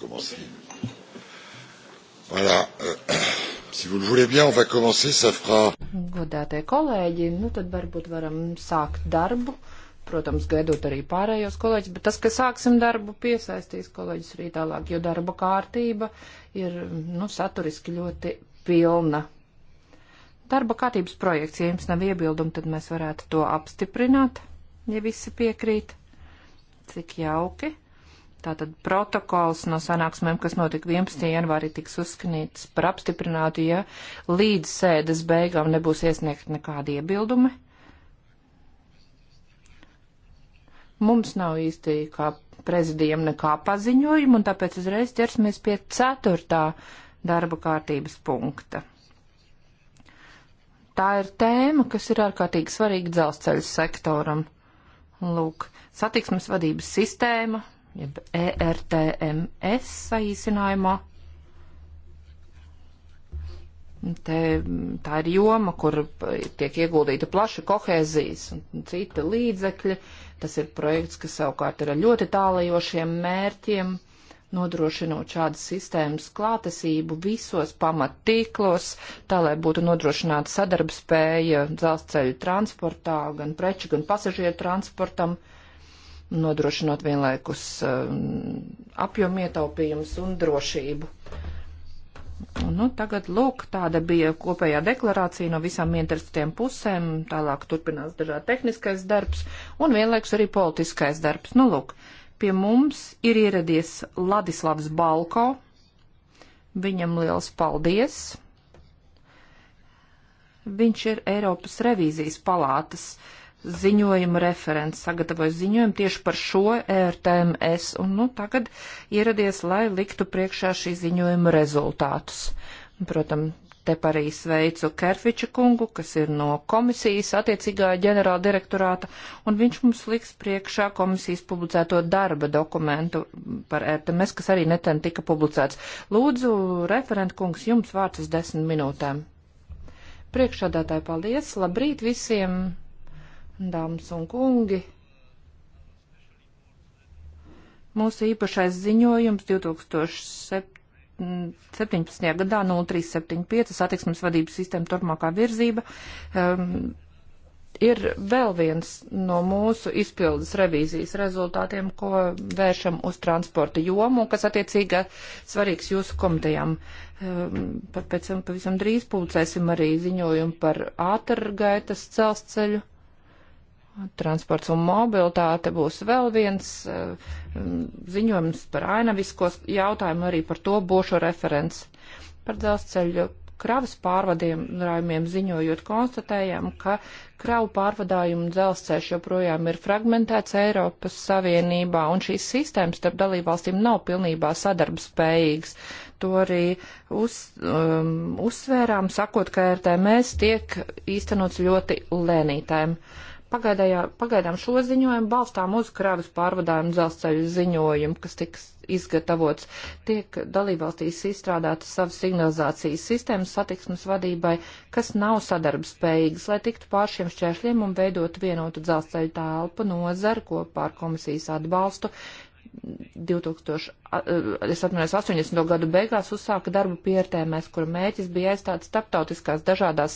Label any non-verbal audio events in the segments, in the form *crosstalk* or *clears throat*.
commencer. Voilà. Euh, si vous le voulez bien, on va commencer, ça fera. Godātie kolēģi, nu tad varbūt varam sākt darbu. Protams, gaidot arī pārējos kolēģis, bet tas, ka sāksim darbu, piesaistīs kolēģis arī tālāk, jo darba kārtība ir, nu, saturiski ļoti pilna. Darba kārtības projekts, ja jums nav iebildumi, tad mēs varētu to apstiprināt, ja visi piekrīt. Cik jauki. Okay. Tātad protokols no sanāksmēm, kas notika 11. janvārī, tiks uzskatīts par apstiprinātu, ja līdz sēdes beigām nebūs iesniegt nekādi iebildumi. Mums nav īsti kā prezidijam nekā paziņojuma, un tāpēc uzreiz ķersimies pie ceturtā darba kārtības punkta. Tā ir tēma, kas ir ārkārtīgi svarīga dzelzceļa sektoram. Lūk, satiksmes vadības sistēma, jeb ERTMS saīsinājumā. Te, tā ir joma, kur tiek ieguldīta plaša kohēzijas un cita līdzekļa. Tas ir projekts, kas savukārt ir ar ļoti tālajošiem mērķiem, nodrošinot šādas sistēmas klātesību visos pamattīklos, tā lai būtu nodrošināta sadarbspēja dzelzceļa transportā, gan preču, gan pasažieru transportam. Uh, nodrošinot vienlaikus um, apjomu ietaupījums un drošību. Nu, tagad, lūk, tāda bija kopējā deklarācija no visām interesantiem pusēm, tālāk turpinās dažādi tehniskais darbs un vienlaiks arī politiskais darbs. Nu, lūk, pie mums ir ieradies Ladislavs Balko, viņam liels paldies. Viņš ir Eiropas revīzijas palātas uh, ziņojuma referents sagatavoja ziņojumu tieši par šo ERTMS un nu, tagad ieradies, lai liktu priekšā šī ziņojuma rezultātus. Protams, te arī sveicu Kerfiča kungu, kas ir no komisijas attiecīgā ģenerāla direktorāta, un viņš mums liks priekšā komisijas publicēto darba dokumentu par e RTMS, kas arī neten tika publicēts. Lūdzu, referent kungs, jums vārds uz desmit minūtēm. Priekšādātāji, paldies! Labrīt visiem! dāmas un kungi. Mūsu īpašais ziņojums 2017. gadā 0375 satiksmes vadības sistēma turpmākā virzība um, ir vēl viens no mūsu izpildes revīzijas rezultātiem, ko vēršam uz transporta jomu, kas attiecīgi svarīgs jūsu komitejām. Um, pēc tam pavisam drīz pulcēsim arī ziņojumu par ātrgaitas celsceļu Transports un mobilitāte būs vēl viens eh, ziņojums par ainaviskos jautājumu, arī par to bošo referents. Par dzelzceļu kravas pārvadījumiem ziņojot konstatējām, ka kravu pārvadājumu dzelzceļš joprojām ir fragmentēts Eiropas Savienībā, un šīs sistēmas starp dalībvalstīm nav pilnībā sadarbspējīgas. To arī uz, um, uzsvērām, sakot, ka RTMS tiek īstenots ļoti lēnītēm. Uh, pagaidām šo ziņojumu balstām uz kravas pārvadājumu dzelzceļu ziņojumu, kas tiks izgatavots. Tiek dalībvalstīs izstrādātas savas signalizācijas sistēmas satiksmes vadībai, kas nav sadarbspējīgas, lai tiktu pār šiem šķēršļiem un veidot vienotu dzelzceļu tēlpu nozaru kopā ar komisijas atbalstu, 2000, e, es atminos, 80. gadu beigās uzsāka darbu pie RTMS, kur mēķis bija aizstāt starptautiskās dažādās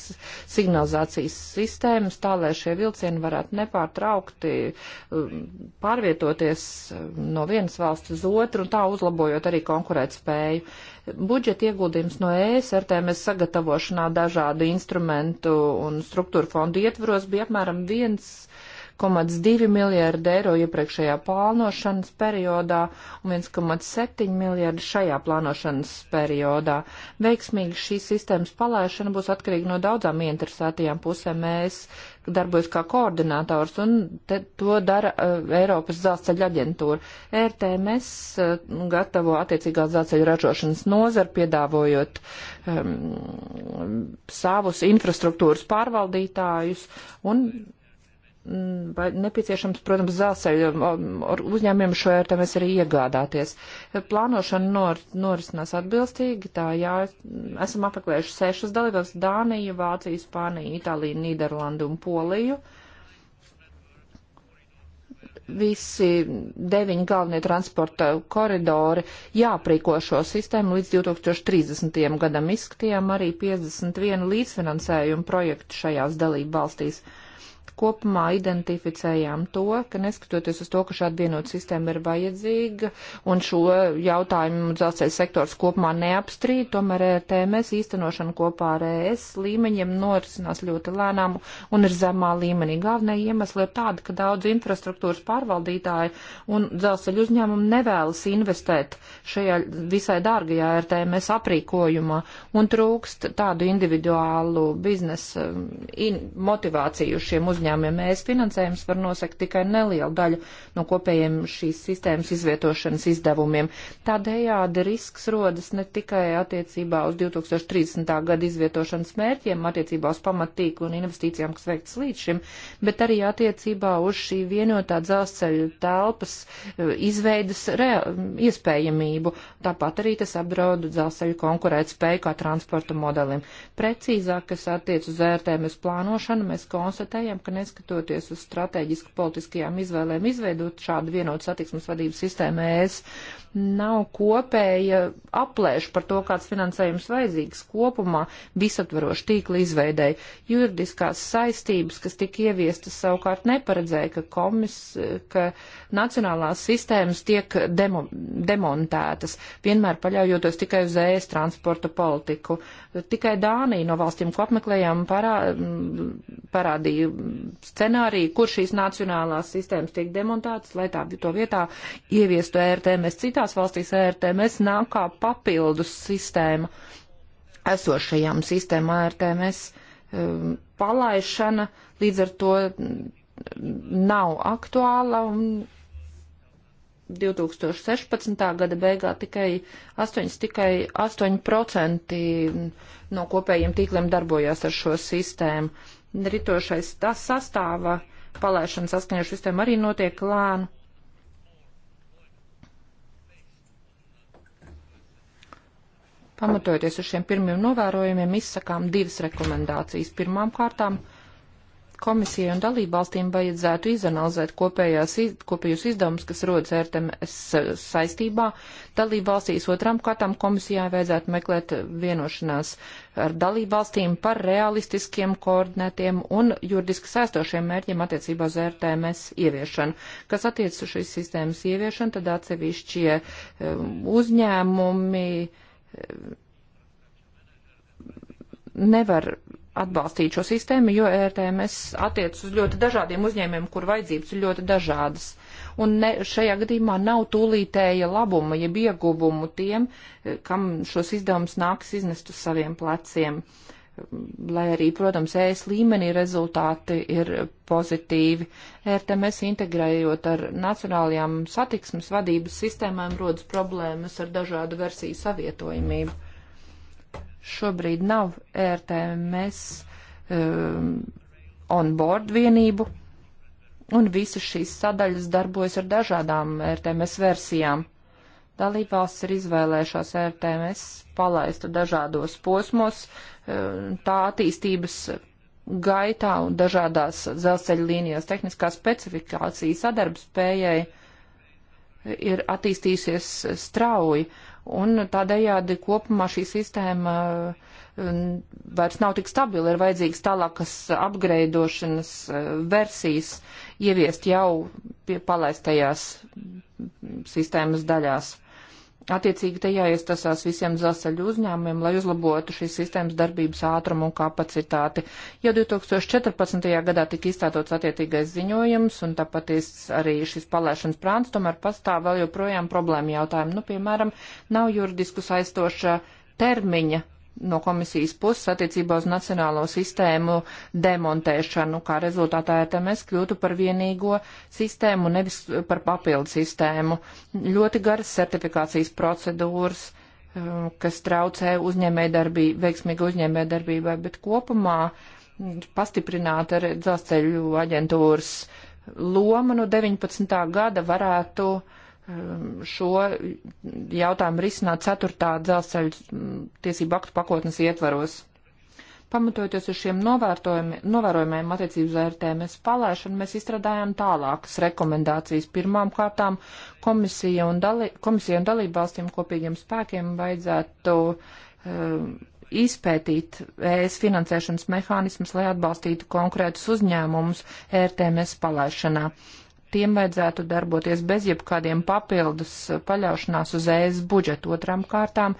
signalizācijas sistēmas, tā lai šie vilcieni varētu nepārtraukti e, pārvietoties e, no vienas valsts uz otru un tā uzlabojot arī konkurēt spēju. Budžeta ieguldījums no ES RTMS sagatavošanā dažādu instrumentu un struktūru fondu ietvaros bija apmēram viens 1,2 miljārdi eiro iepriekšējā plānošanas periodā un 1,7 miljārdi šajā plānošanas periodā. Veiksmīgi šīs sistēmas palaišana būs atkarīga no daudzām interesētajām pusēm. Mēs darbojas kā koordinators un to dara uh, Eiropas dzelzceļa aģentūra. E RTMS uh, gatavo attiecīgās dzelzceļa ražošanas nozaru, piedāvojot um, savus infrastruktūras pārvaldītājus un vai nepieciešams, protams, zālsēļu um, um, uzņēmumiem šo ērtamies arī iegādāties. Plānošana nor, norisinās atbilstīgi, tā jā, esam apmeklējuši sešas dalībās - Dāniju, Vāciju, Spāniju, Itāliju, Nīderlandu un Poliju. Visi deviņi galvenie transporta koridori jāprīko šo sistēmu līdz 2030. gadam. Izskatījām arī 51 līdzfinansējumu projektu šajās dalību valstīs. Uh, kopumā identificējām to, ka neskatoties uz to, ka šāda vienota sistēma ir vajadzīga un šo jautājumu dzelzceļa sektors kopumā neapstrīd, tomēr e TMS īstenošana kopā ar ES līmeņiem norisinās ļoti lēnām un ir zemā līmenī. Galvenie iemesli ir tādi, ka daudz infrastruktūras pārvaldītāji un dzelzceļa uzņēmumi nevēlas investēt šajā visai dārgajā RTMS e aprīkojumā un trūkst tādu individuālu biznesa um, motivāciju šiem uzņēmumiem uzņēmumiem. Mēs finansējums var nosakt tikai nelielu daļu no kopējiem šīs sistēmas izvietošanas izdevumiem. Tādējādi risks rodas ne tikai attiecībā uz 2030. gada izvietošanas mērķiem, attiecībā uz pamatīklu un investīcijām, kas veikts līdz šim, bet arī attiecībā uz šī vienotā dzelzceļa telpas eh, izveidas iespējamību. Tāpat arī tas apdraud dzelzceļu konkurētspēju kā transporta modelim. Precīzāk, kas attiec uz ērtēm uz plānošanu, mēs konstatējam, ka ka neskatoties uz strateģisku politiskajām izvēlēm izveidot šādu vienotu satiksmes vadības sistēmu ES, nav kopēja aplēša par to, kāds finansējums vajadzīgs kopumā visaptvarošu tīkla izveidēji. Juridiskās saistības, kas tika ieviestas savukārt neparedzēja, ka, komis, ka nacionālās sistēmas tiek demo, demontētas, vienmēr paļaujoties tikai uz ēst transporta politiku. Tikai Dānija no valstīm, ko apmeklējām, parā, parādīja scenāriju, kur šīs nacionālās sistēmas tiek demontētas, lai tā to vietā ieviestu ērtēmēs citā citās valstīs ERTMS nāk kā papildus sistēma esošajām sistēmām ERTMS um, palaišana, līdz ar to mm, nav aktuāla un 2016. gada beigā tikai 8%, tikai 8 no kopējiem tīkliem darbojās ar šo sistēmu. Ritošais tas sastāva palaišana saskaņošu sistēmu arī notiek lēnu. Pamatojoties uz šiem pirmiem novērojumiem, izsakām divas rekomendācijas. Pirmām kārtām komisijai un dalībvalstīm vajadzētu izanalizēt kopējās, iz, kopējus izdevumus, kas rodas RTMS saistībā. Dalībvalstīs otram kārtām komisijai vajadzētu meklēt vienošanās ar dalībvalstīm par realistiskiem, koordinētiem un juridiski saistošiem mērķiem attiecībā uz RTMS ieviešanu. Kas attiecas uz šīs sistēmas ieviešanu, tad atsevišķie um, uzņēmumi nevar atbalstīt šo sistēmu, jo ērtēmēs e attiec uz ļoti dažādiem uzņēmiem, kur vajadzības ir ļoti dažādas. Un ne, šajā gadījumā nav tūlītēja labuma, jeb ieguvumu tiem, kam šos izdevumus nāks iznest uz saviem pleciem. Uh, lai arī, protams, ES līmenī rezultāti ir pozitīvi. RTMS integrējot ar nacionālajām satiksmes vadības sistēmām rodas problēmas ar dažādu versiju savietojamību. Šobrīd nav RTMS um, onboard vienību, un visas šīs sadaļas darbojas ar dažādām RTMS versijām. Dalībvalsts ir izvēlējušās RTMS palaistu dažādos posmos, uh, tā attīstības gaitā un dažādās dzelzceļa līnijās tehniskā specifikācija sadarbspējai ir attīstījusies strauji, un tādējādi kopumā šī sistēma uh, vairs nav tik stabila, ir vajadzīgs tālākas apgreidošanas uh, versijas ieviest jau pie palaistajās sistēmas daļās. Attiecīgi te jāiestasās visiem zasaļu uzņēmumiem, lai uzlabotu šīs sistēmas darbības ātrumu un kapacitāti. Jau 2014. gadā tika izstātots attiecīgais ziņojums, un tāpat arī šis palēšanas prāns tomēr pastāv vēl joprojām problēma jautājumu. Nu, piemēram, nav juridisku saistoša termiņa no komisijas puses attiecībā uz nacionālo sistēmu demontēšanu, kā rezultātā ETMS kļūtu par vienīgo sistēmu, nevis par papildu sistēmu. Ļoti garas certifikācijas procedūras, um, kas traucē uzņēmējdarbību, veiksmīgu uzņēmējdarbībai, bet kopumā pastiprināt ar dzelzceļu aģentūras lomu no 19. gada varētu uh, Um, šo jautājumu risināt 4. dzelzceļu mm, tiesību aktu pakotnes ietvaros. Pamatojoties uz šiem novērojumiem attiecības ar RTMS palaišanu, mēs izstrādājām tālākas rekomendācijas. Pirmām kārtām komisija un, dalī, komisija un dalībvalstīm kopīgiem spēkiem vajadzētu um, izpētīt ES finansēšanas mehānismus, lai atbalstītu konkrētus uzņēmumus RTMS palaišanā. Uh, tiem vajadzētu darboties bez jebkādiem papildus eh, paļaušanās uz ES budžetu otrām kārtām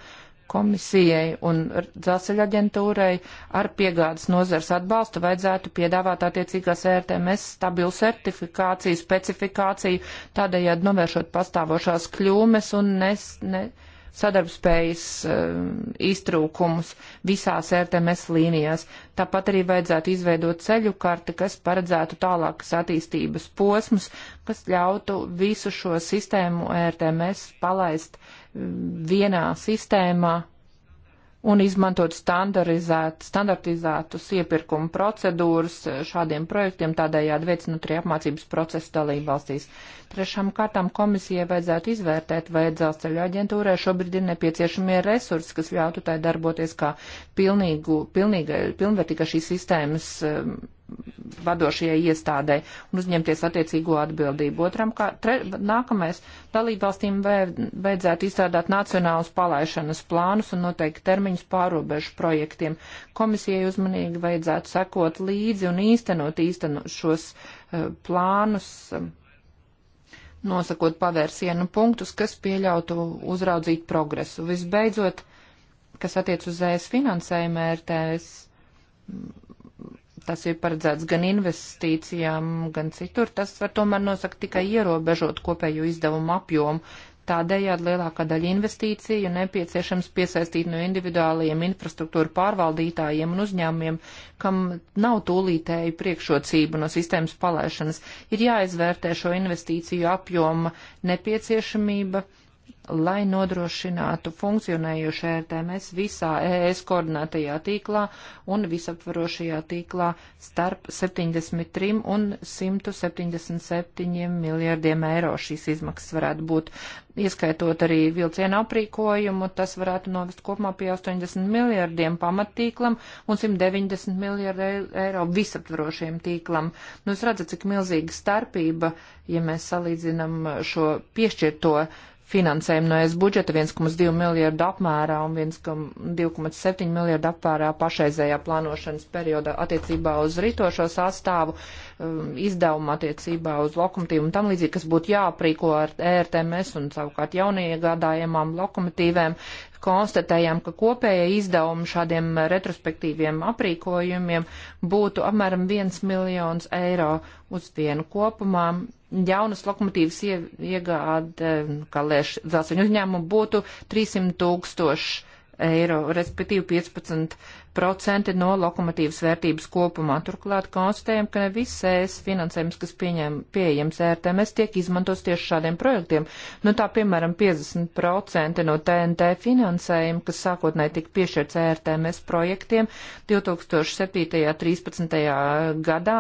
komisijai un dzelzceļa aģentūrai ar piegādes nozars atbalstu vajadzētu piedāvāt attiecīgās ērtms e stabilu certifikāciju, specifikāciju, tādējādi novēršot pastāvošās kļūmes un nes, ne, ne sadarbspējas eh, iztrūkumus visās RTMS līnijās. Tāpat arī vajadzētu izveidot ceļu karti, kas paredzētu tālākas attīstības posmus, kas ļautu visu šo sistēmu RTMS palaist eh, vienā sistēmā un izmantot standarizēt, standartizētus iepirkumu procedūras šādiem projektiem, tādējādi veicinot arī apmācības procesu dalību valstīs. Trešām kārtām komisijai vajadzētu izvērtēt, vai dzelzceļa aģentūrai šobrīd ir nepieciešamie resursi, kas ļautu tai darboties kā pilnīgu, pilnīga, pilnvērtīga šīs sistēmas vadošajai iestādē un uzņemties attiecīgo atbildību. Otram, kā tre, nākamais, dalībvalstīm vajadzētu izstrādāt nacionālus palaišanas plānus un noteikti termiņus pārobežu projektiem. Komisijai uzmanīgi vajadzētu sekot līdzi un īstenot, īstenot šos uh, plānus. Uh, nosakot pavērsienu punktus, kas pieļautu uzraudzīt progresu. Visbeidzot, kas attiec uz ES finansējumu, RTS tas ir paredzēts gan investīcijām, gan citur, tas var tomēr nosakt tikai ierobežot kopējo izdevumu apjomu. Tādējādi lielākā daļa investīciju nepieciešams piesaistīt no individuāliem infrastruktūra pārvaldītājiem un uzņēmumiem, kam nav tūlītēju priekšrocību no sistēmas palaišanas. Ir jāizvērtē šo investīciju apjoma nepieciešamība lai nodrošinātu funkcionējušu ērtēmēs visā ES koordinētajā tīklā un visaptvarošajā tīklā starp 73 un 177 miljardiem eiro šīs izmaksas varētu būt. Ieskaitot arī vilcienu aprīkojumu, tas varētu novest kopumā pie 80 miljardiem pamattīklam un 190 miljardu eiro visaptvarošajam tīklam. Nu, jūs redzat, cik milzīga starpība, ja mēs salīdzinam šo piešķirto uh, finansējumu no es budžeta 1,2 miljardu apmērā un 2,7 miljardu apmērā pašreizējā plānošanas periodā attiecībā uz rītošo sastāvu, um, izdevumu attiecībā uz lokomotīvu un tam līdzīgi, kas būtu jāaprīko ar ERTMS un savukārt jauniegādājumām lokomotīvēm, konstatējām, ka kopēja izdevuma šādiem retrospektīviem aprīkojumiem būtu apmēram 1 miljons eiro uz vienu kopumā. Jaunas lokomotīvas ie, iegāde, kā lēš dzelzceļu uzņēmumu, būtu 300 tūkstoši eiro, respektīvi 15 5% no lokomotīvas vērtības kopumā. Turklāt konstatējam, ka ne viss ES finansējums, kas pieņem, pieejams ērtēmēs, tiek izmantos tieši šādiem projektiem. Nu tā, piemēram, 50% no TNT finansējuma, kas sākotnēji tika piešķirts ērtēmēs projektiem, 2007.13. gadā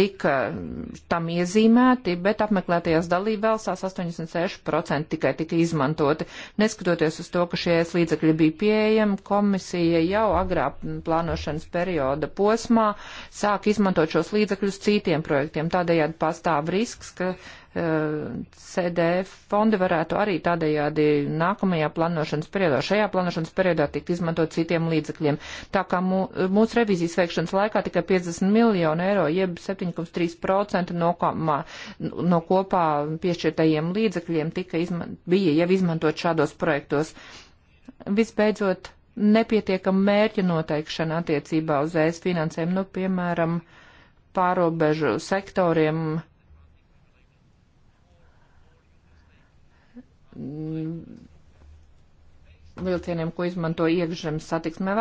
tika mm, tam iezīmēti, bet apmeklētajās dalībvalstās 86% tikai tika izmantoti. Neskatoties uz to, ka šie ES līdzekļi bija pieejami, komisija jau agrāk plānošanas perioda posmā sāk izmantot šos līdzekļus citiem projektiem. Tādējādi pastāv risks, ka uh, eh, CDF fondi varētu arī tādējādi nākamajā plānošanas periodā, šajā plānošanas periodā tikt izmantot citiem līdzekļiem. Tā kā mū, mūsu revizijas veikšanas laikā tikai 50 miljonu eiro, jeb 7,3% no, komā, no kopā piešķirtajiem līdzekļiem tika izman, bija jau izmantot šādos projektos. Visbeidzot, nepietiekama mērķa noteikšana attiecībā uz ēs finansēm, nu, piemēram, pārobežu sektoriem, vilcieniem, ko izmanto iekšzemes satiksmē.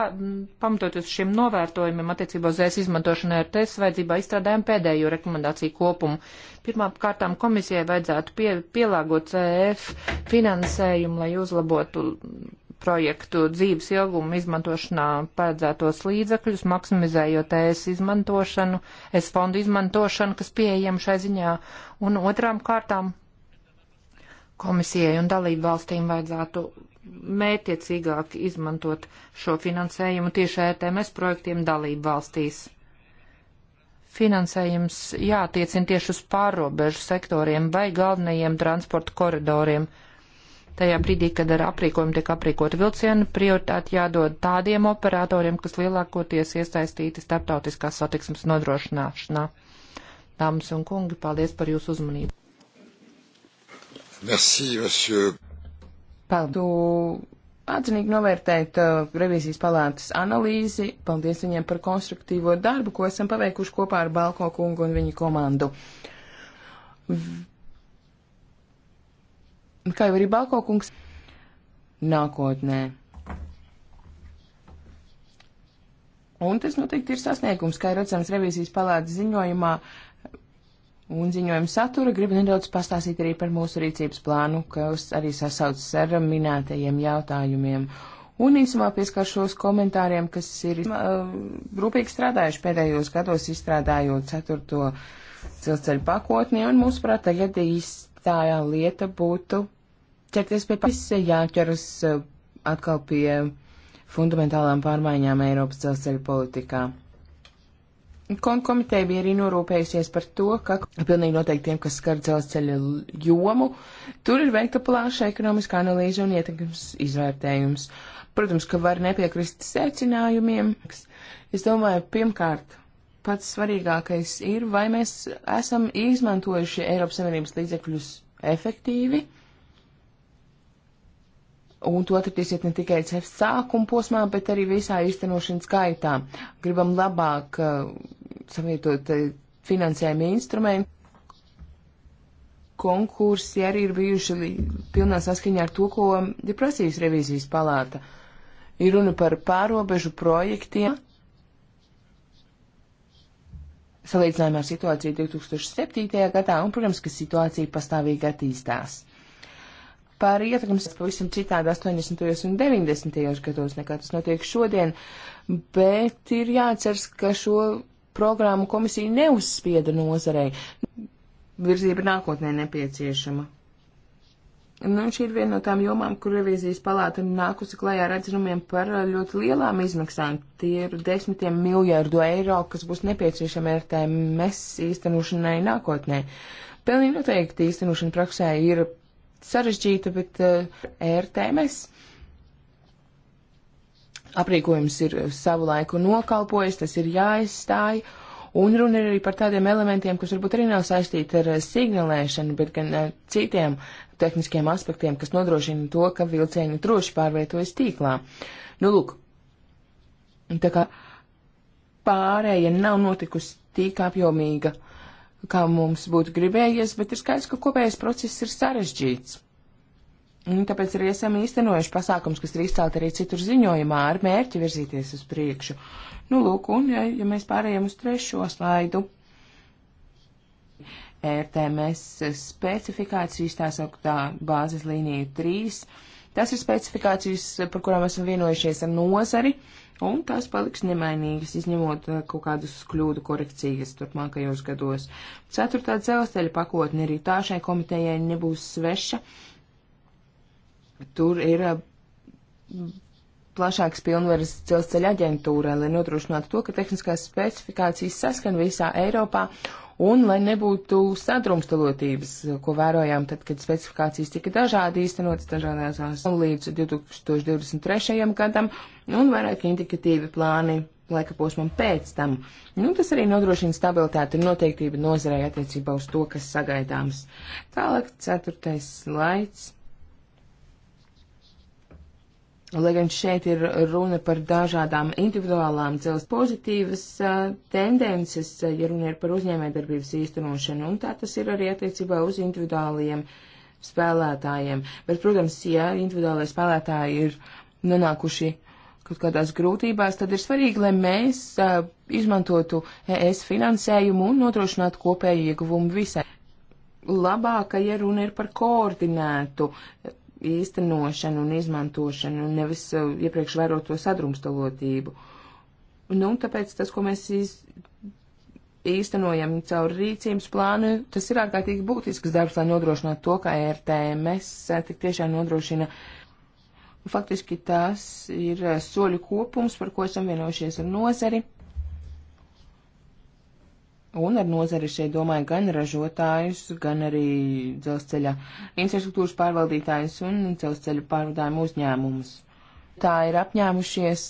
Pamatoties šiem novērtojumiem attiecībā uz ēs izmantošanu RTS vajadzībā izstrādājam pēdējo rekomendāciju kopumu. Pirmām kārtām komisijai vajadzētu pie, pielāgot CF finansējumu, lai uzlabotu projektu dzīves ilgumu izmantošanā paredzētos līdzekļus, maksimizējot ES izmantošanu, ES fondu izmantošanu, kas pieejama šai ziņā, un otrām kārtām komisijai un dalību valstīm vajadzētu mētiecīgāk izmantot šo finansējumu tieši ETMS projektiem dalību valstīs. Finansējums jātiecina tieši uz pārobežu sektoriem vai galvenajiem transporta koridoriem Tajā brīdī, kad ar aprīkojumu tiek aprīkota vilciena, prioritāti jādod tādiem operatoriem, kas lielākoties iesaistīti starptautiskā satiksmes nodrošināšanā. Dāmas un kungi, paldies par jūsu uzmanību. Merci, monsieur. Paldu atzinīgi novērtēt uh, revīzijas palātas analīzi. Paldies viņiem par konstruktīvo darbu, ko esam paveikuši kopā ar Balko kungu un viņa komandu. V kā jau arī Balko kungs, nākotnē. Un tas noteikti ir sasniegums, kā ir redzams revīzijas palādes ziņojumā, un ziņojuma satura gribu nedaudz pastāstīt arī par mūsu rīcības plānu, kas arī sasaucas ar minētajiem jautājumiem. Un īsumā pieskaršos komentāriem, kas ir uh, rūpīgi strādājuši pēdējos gados, izstrādājot ceturto dzelzceļu pakotni, un mūsuprāt, tagad īsti Sliktā lieta būtu ķerties pie paša, jāķeras eh, atkal pie fundamentālām pārmaiņām Eiropas dzelzceļa politikā. Kon komiteja bija arī norūpējusies par to, ka pilnīgi noteikti tiem, kas skar dzelzceļa jomu, tur ir veikta plāša ekonomiskā analīze un ietekmes izvērtējums. Protams, ka var nepiekrist secinājumiem. Es domāju, pirmkārt, pats svarīgākais ir, vai mēs esam izmantojuši Eiropas Savienības līdzekļus efektīvi. Un to atradīsiet ne tikai CEF sākuma posmā, bet arī visā īstenošanas gaitā. Gribam labāk uh, savietot uh, finansējumu instrumentu. Konkursi arī ir bijuši pilnā saskaņā ar to, ko ir prasījis revīzijas palāta. Ir runa par pārobežu projektiem salīdzinājumā ar situāciju 2007. gadā, un, protams, ka situācija pastāvīgi attīstās. Par ietekmes pavisam citādi 80. un 90. gados nekā tas notiek šodien, bet ir jāatceras, ka šo programmu komisija neuzspieda nozarei. Virzība nākotnē nepieciešama. Nu, šī ir viena no tām jomām, kur revīzijas palāta ir nākusi klajā ar atzinumiem par ļoti lielām izmaksām. Tie ir desmitiem miljārdu eiro, kas būs nepieciešami RTMS īstenošanai nākotnē. Pilnīgi noteikti īstenošana praksē ir sarežģīta, bet uh, RTMS aprīkojums ir savu laiku nokalpojis, tas ir jāizstāj. Uh, Un runa ir arī par tādiem elementiem, kas varbūt arī nav saistīti ar eh, signalēšanu, bet gan eh, citiem tehniskiem aspektiem, kas nodrošina to, ka vilcieni droši pārvietojas tīklā. Nu, lūk, tā kā pārēja nav notikusi tik apjomīga, kā mums būtu gribējies, bet ir skaidrs, ka kopējais process ir sarežģīts. Un tāpēc arī esam īstenojuši pasākums, kas ir izcelt arī citur ziņojumā, ar mērķi virzīties uz priekšu. Nu, lūk, un ja, ja mēs pārējām uz trešo slaidu, RTMS specifikācijas, tā sauktā bāzes līnija 3, tas ir specifikācijas, par kurām esam vienojušies ar nozari, un tās paliks nemainīgas, izņemot eh, kaut kādus kļūdu korekcijas turpmākajos gados. Ceturtā dzelzceļa pakotne arī tā šai komitejai nebūs sveša tur ir plašāks pilnvaras dzelzceļa aģentūrai, lai nodrošinātu to, ka tehniskās specifikācijas saskan visā Eiropā un lai nebūtu sadrumstalotības, ko vērojām tad, kad specifikācijas tika dažādi īstenotas dažādās valstīs līdz 2023. gadam un vairāk indikatīvi plāni laika posmam pēc tam. Nu, tas arī nodrošina stabilitāti un noteiktību nozarei attiecībā uz to, kas sagaidāms. Tālāk, ceturtais slaids. Lai gan šeit ir runa par dažādām individuālām dzelzs pozitīvas tendences, ja runa ir par uzņēmējdarbības īstenošanu, un tā tas ir arī attiecībā uz individuāliem spēlētājiem. Bet, protams, ja individuālie spēlētāji ir nonākuši kaut kādās grūtībās, tad ir svarīgi, lai mēs a, izmantotu ES finansējumu un nodrošinātu kopēju ieguvumu visai. Labāka, ja runa ir par koordinētu īstenošanu un izmantošanu, nevis uh, iepriekš vēroto sadrumstalotību. Nu, tāpēc tas, ko mēs iz, īstenojam caur rīcības plānu, tas ir ārkārtīgi būtisks darbs, lai nodrošinātu to, ka RTMS uh, tik tiešām nodrošina. Faktiski tas ir uh, soļu kopums, par ko esam vienojušies ar nozari. Un ar nozari šeit domāju gan ražotājus, gan arī dzelzceļa infrastruktūras pārvaldītājus un dzelzceļa pārvadājumu uzņēmumus. Tā ir apņēmušies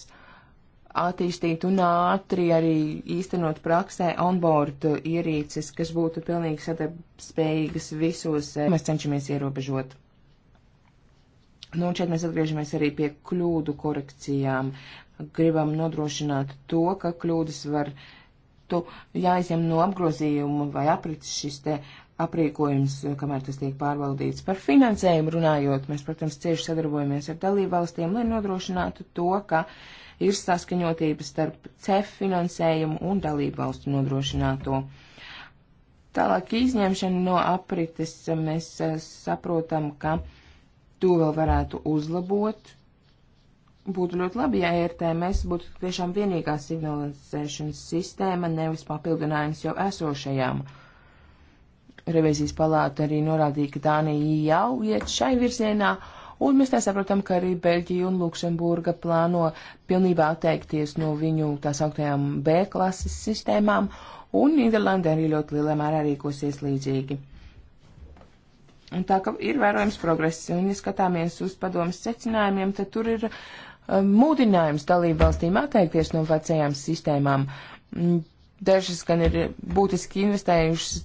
attīstīt un ātri arī īstenot praksē onboard ierīces, kas būtu pilnīgi sadarbspējīgas visos. Eh, mēs cenšamies ierobežot. Nu, un šeit mēs atgriežamies arī pie kļūdu korekcijām. Gribam nodrošināt to, ka kļūdas var uh, būtu jāizņem no apgrozījuma vai aprits šis te aprīkojums, kamēr tas tiek pārvaldīts. Par finansējumu runājot, mēs, protams, cieši sadarbojamies ar dalībvalstiem, lai nodrošinātu to, ka ir saskaņotība starp CEF finansējumu un dalībvalstu nodrošināto. Tālāk izņemšana no aprites mēs eh, saprotam, ka to vēl varētu uzlabot, būtu ļoti labi, ja ERTMS būtu tiešām vienīgā signalizēšanas sistēma, nevis papildinājums jau esošajām. Revizijas palāta arī norādīja, ka Dānija jau iet šai virzienā, un mēs tā saprotam, ka arī Beļģija un Luksemburga plāno pilnībā atteikties no viņu tā sauktajām B klases sistēmām, un Nīderlanda arī ļoti lielā mērā rīkosies līdzīgi. Un tā kā ir vērojams progress, un ja skatāmies uz padomas secinājumiem, tad tur ir uh, mūdinājums um, dalību valstīm atteikties no vecajām sistēmām. Mm, dažas gan ir būtiski investējušas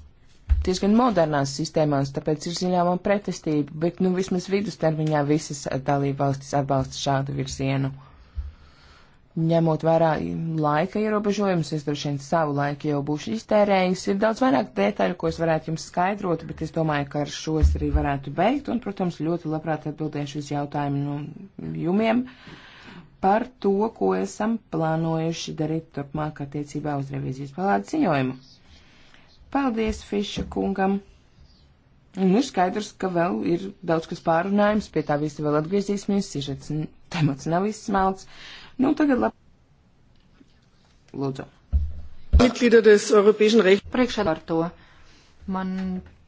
diezgan modernās sistēmās, tāpēc ir zināma pretestība, bet nu vismaz vidustermiņā visas dalību valstis atbalsta šādu virzienu. Ņemot vērā laika ierobežojumus, es droši vien savu laiku jau būšu iztērējusi. Ir daudz vairāk detaļu, ko es varētu jums skaidrot, bet es domāju, ka ar šos arī varētu beigt. Un, protams, ļoti labprāt atbildēšu uz jautājumu no jumiem. Uh, par to, ko esam plānojuši darīt turpmāk attiecībā uz revizijas palādes ziņojumu. Paldies Fiša kungam! Nu, skaidrs, ka vēl ir daudz kas pārunājums, pie tā visa vēl atgriezīsimies, sižets temats nav izsmelts. Nu, tagad labi. Lūdzu. Priekšā ar to man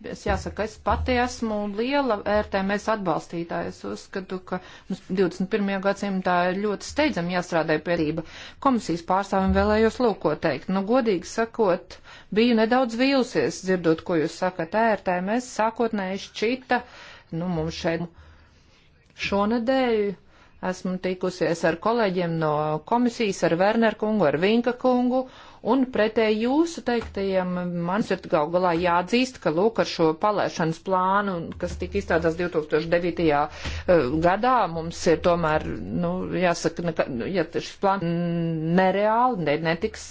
Es jāsaka, es pati esmu liela RTMS atbalstītāja. Es uzskatu, ka mums 21. gadsimtā ir ļoti steidzami jāstrādā pie rība. Komisijas pārstāvim vēlējos lūko teikt. Nu, godīgi sakot, biju nedaudz vīlusies, dzirdot, ko jūs sakat. RTMS sākotnēji šķita, nu, mums šeit šonadēļ. Esmu tikusies ar kolēģiem no komisijas, ar Werner kungu, ar Vinka kungu, Un pretēji jūsu teiktajiem man ir gal galā jāatzīst, ka lūk ar šo palaišanas plānu, kas tika izstrādāts 2009. Eh, gadā, mums ir tomēr, nu, jāsaka, nekā, nu, ja šis plāns nereāli ne, netiks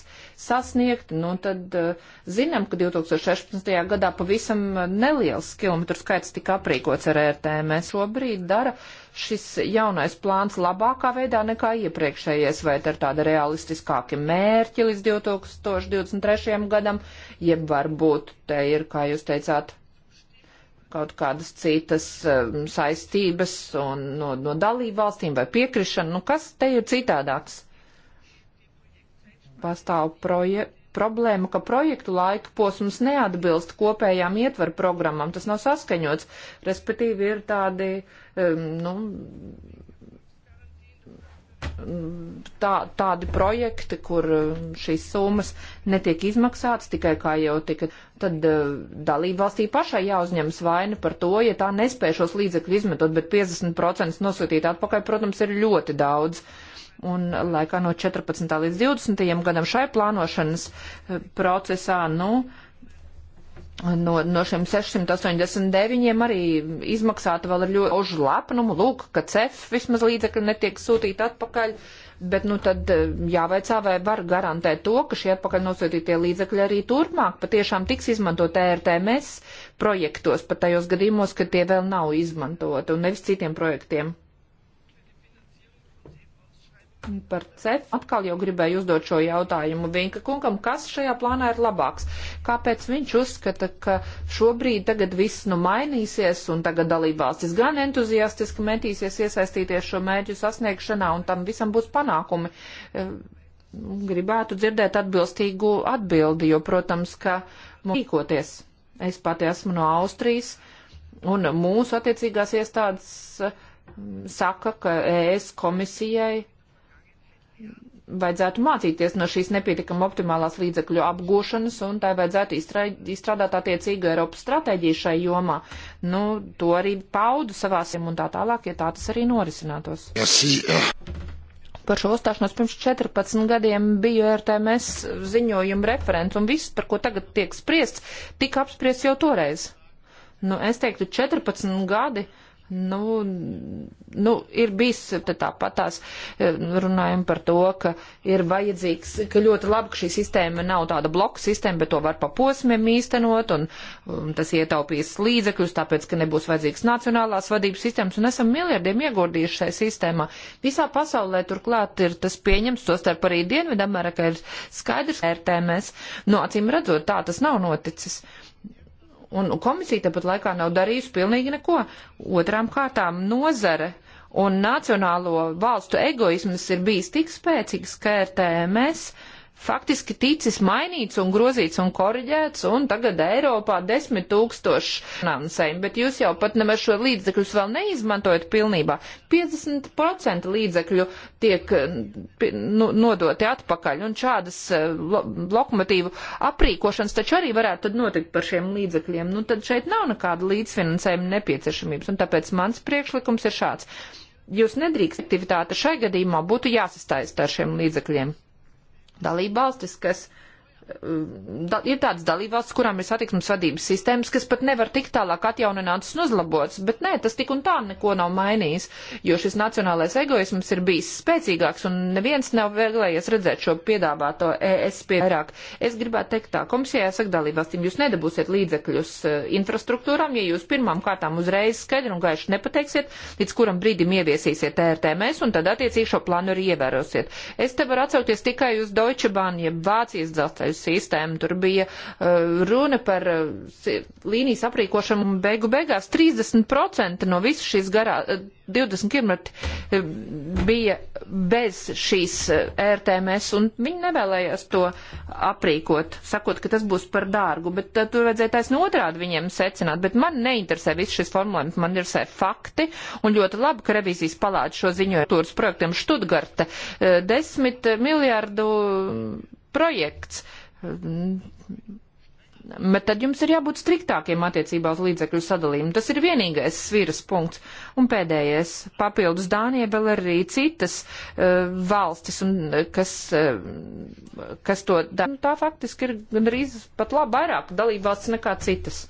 sasniegt, nu tad eh, zinām, ka 2016. gadā pavisam neliels kilometru skaits tika aprīkots ar RTM. Šobrīd dara šis jaunais plāns labākā veidā nekā iepriekšējais, vai ar tādu realistiskāku mērķi līdz 2023. gadam, jeb varbūt te ir, kā jūs teicāt, kaut kādas citas um, saistības un no, no dalību valstīm vai piekrišana, nu kas te ir citādāks? Pastāv proje problēma, ka projektu laika posms neatbilst kopējām ietvaru programmām, tas nav saskaņots, respektīvi ir tādi, um, nu, tā, tādi projekti, kur um, šīs summas netiek izmaksātas tikai kā jau tika, tad uh, dalību valstī pašai jāuzņemas vaina par to, ja tā nespēja šos līdzekļus izmantot, bet 50% nosūtīt atpakaļ, protams, ir ļoti daudz. Un laikā no 14. līdz 20. gadam šai plānošanas uh, procesā, nu, uh, No, no šiem 689 arī izmaksāta vēl ir ļoti ožu lepnumu, lūk, ka CEF vismaz līdzekļi netiek sūtīti atpakaļ, bet nu tad eh, jāveicā vai var garantēt to, ka šie atpakaļ nosūtītie līdzekļi arī turpmāk patiešām tiks izmantot ERTMS projektos, pat tajos gadījumos, ka tie vēl nav izmantoti un nevis citiem projektiem par CEF. Atkal jau gribēju uzdot šo jautājumu Vinka kungam, kas šajā plānā ir labāks. Kāpēc viņš uzskata, ka šobrīd tagad viss nu mainīsies un tagad dalībvalstis gan entuziastiski metīsies iesaistīties šo mērķu sasniegšanā un tam visam būs panākumi? E, gribētu dzirdēt atbilstīgu atbildi, jo, protams, ka mums rīkoties. Es pati esmu no Austrijas un mūsu attiecīgās iestādes e, saka, ka ES komisijai vajadzētu mācīties no šīs nepietiekam optimālās līdzekļu apgūšanas, un tai vajadzētu izstrādāt attiecīgu Eiropas stratēģiju šai jomā. Nu, to arī paudu savāsim un tā tālāk, ja tā tas arī norisinātos. Par šo uzstāšanos pirms 14 gadiem biju RTMS ziņojuma referents, un viss, par ko tagad tiek spriests, tika apspriests jau toreiz. Nu, es teiktu, 14 gadi. Uh, Nu, nu, ir bijis tāpat tās e, runājumi par to, ka ir vajadzīgs, ka ļoti labi, ka šī sistēma nav tāda bloku sistēma, bet to var pa posmiem īstenot, un, un tas ietaupīs līdzekļus, tāpēc, ka nebūs vajadzīgs nacionālās vadības sistēmas, un esam miljardiem ieguldījuši šajā sistēmā. Visā pasaulē turklāt ir tas pieņems, to starp arī Dienvidamerikā ir skaidrs, ka RTMS, no nu, acīm redzot, tā tas nav noticis. Uh, Un komisija tāpat laikā nav darījusi pilnīgi neko. Otrām kārtām nozare un nacionālo valstu egoisms ir bijis tik spēcīgs, ka RTMS faktiski ticis mainīts un grozīts un koriģēts, un tagad Eiropā desmit tūkstoši finansējumi, bet jūs jau pat nemaz šo līdzekļus vēl neizmantojat pilnībā. 50% līdzekļu tiek eh, nu, nodoti atpakaļ, un šādas eh, lo lokomotīvu aprīkošanas taču arī varētu tad notikt par šiem līdzekļiem. Nu, tad šeit nav nekāda līdzfinansējuma nepieciešamības, un tāpēc mans priekšlikums ir šāds. Jūs nedrīkst aktivitāte šai gadījumā būtu jāsastaista ar šiem līdzekļiem dalībvalstis, kas uh, da, ir tādas dalībvalsts, kurām ir satiksmes vadības sistēmas, kas pat nevar tik tālāk atjauninātas un uzlabotas, bet nē, tas tik un tā neko nav mainījis, jo šis nacionālais egoisms ir bijis spēcīgāks un neviens nav vēlējies redzēt šo piedāvāto ES pierāk. Es gribētu teikt tā, komisijā jāsaka dalībvalstīm, jūs nedabūsiet līdzekļus eh, infrastruktūrām, ja jūs pirmām kārtām uzreiz skaidri un gaiši nepateiksiet, līdz kuram brīdim ieviesīsiet ERTMS un tad attiecīgi šo plānu arī ievērosiet. Es te varu atsaukties tikai uz Deutsche Bahn, jeb ja Vācijas dzelzceļu sistēmu. Tur bija uh, runa par uh, līnijas aprīkošanu un beigu beigās 30% no visas šīs garā, uh, 20 km uh, bija bez šīs uh, RTMS un viņi nevēlējās to aprīkot, sakot, ka tas būs par dārgu, bet uh, tur vajadzēja taisnot otrādi viņiem secināt, bet man neinteresē viss šis formulējums, man interesē fakti un ļoti labi, ka revīzijas palāta šo ziņojumu turas projektiem Študgarta 10 uh, miljardu mm, projekts. Mm. Bet tad jums ir jābūt striktākiem attiecībā uz līdzekļu sadalījumu. Tas ir vienīgais sviras punkts. Un pēdējais papildus Dānija vēl arī citas uh, valstis, un, eh, kas, uh, kas to dara. Nu, tā faktiski ir gandrīz pat labi vairāk dalībvalsts nekā citas.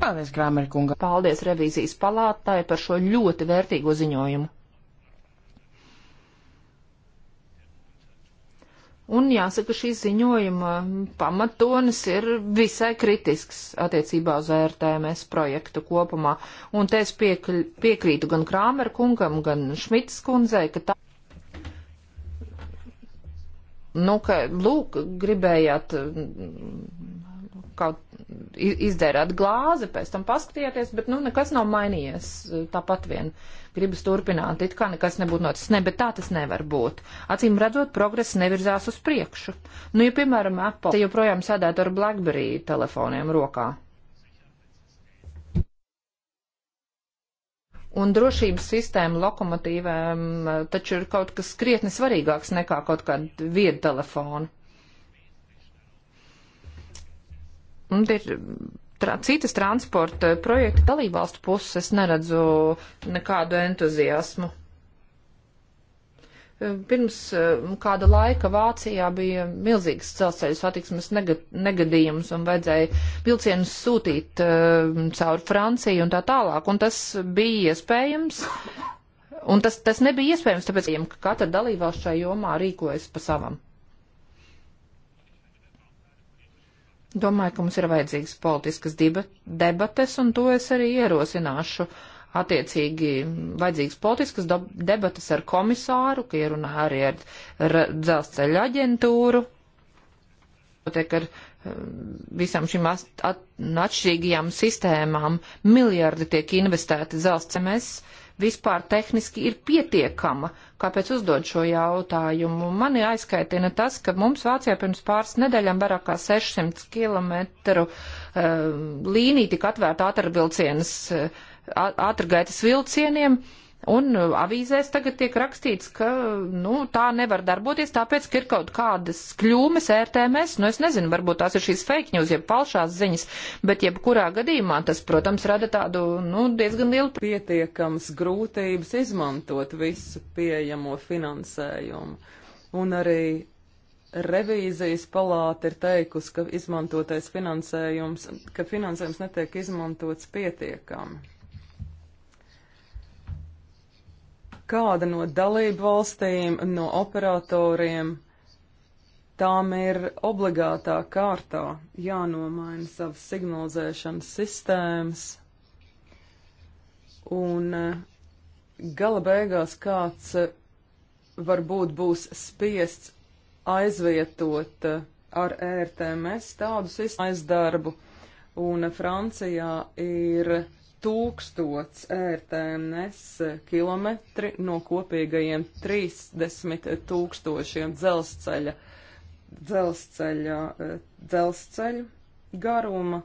Paldies, Krāmerkunga. Paldies revīzijas palātai par šo ļoti vērtīgo ziņojumu. Un jāsaka, šī ziņojuma pamatonis ir visai kritisks attiecībā uz ērtēmēs projektu kopumā. Un te es piekļ, piekrītu gan Krāmer kungam, gan Šmits kundzei, ka tā. Nu, ka, lūk, gribējāt kaut izdzērāt glāzi, pēc tam paskatījāties, bet, nu, nekas nav mainījies tāpat vien. Gribas turpināt, it kā nekas nebūtu noticis. Ne, bet tā tas nevar būt. Acīm redzot, progress nevirzās uz priekšu. Nu, ja, piemēram, Apple joprojām sēdētu ar BlackBerry telefoniem rokā, Un drošības sistēma lokomotīvēm eh, taču ir kaut kas krietni svarīgāks nekā kaut kāda viedtelefona. Un ir tra citas transporta projekta dalībvalstu puses, es neredzu nekādu entuziasmu. Pirms eh, kāda laika Vācijā bija milzīgs dzelzceļa satiksmes negadījums un vajadzēja vilcienus sūtīt eh, cauri Franciju un tā tālāk. Un tas bija iespējams. Un tas, tas nebija iespējams, tāpēc, ka katra dalībvalsts šajā jomā rīkojas pa savam. Domāju, ka mums ir vajadzīgas politiskas debates, un to es arī ierosināšu. Attiecīgi, vajadzīgas politiskas debates ar komisāru, ka ierunā arī ar, ar dzelzceļa aģentūru. Tiek ar eh, visām šīm at, at, atšķirīgajām sistēmām miljardi tiek investēti dzelzceļa. Mēs vispār tehniski ir pietiekama. Kāpēc uzdod šo jautājumu? Mani aizskaitina tas, ka mums Vācijā pirms pāris nedēļām vairāk kā 600 km uh, līnija tika atvērta ātrvilcienas, uh, ātrgaitas vilcieniem. Uh, Un uh, avīzēs tagad tiek rakstīts, ka nu, tā nevar darboties, tāpēc, ka ir kaut kādas kļūmes ērtēmēs. Nu, es nezinu, varbūt tās ir šīs fake news, jeb falšās ziņas, bet jebkurā gadījumā tas, protams, rada tādu nu, diezgan lielu pietiekams grūtības izmantot visu pieejamo finansējumu. Un arī revīzijas palāta ir teikusi, ka izmantotais finansējums, ka finansējums netiek izmantots pietiekami. kāda no dalību valstīm, no operatoriem, tām ir obligātā kārtā jānomaina savas signalizēšanas sistēmas, un eh, gala beigās kāds eh, varbūt būs spiests aizvietot eh, ar ērtēm es tādu sistēmu aizdarbu, un Francijā ir tūkstots ērtēnes kilometri no kopīgajiem 30 tūkstošiem dzelzceļa, dzelzceļa, eh, dzelzceļu garuma.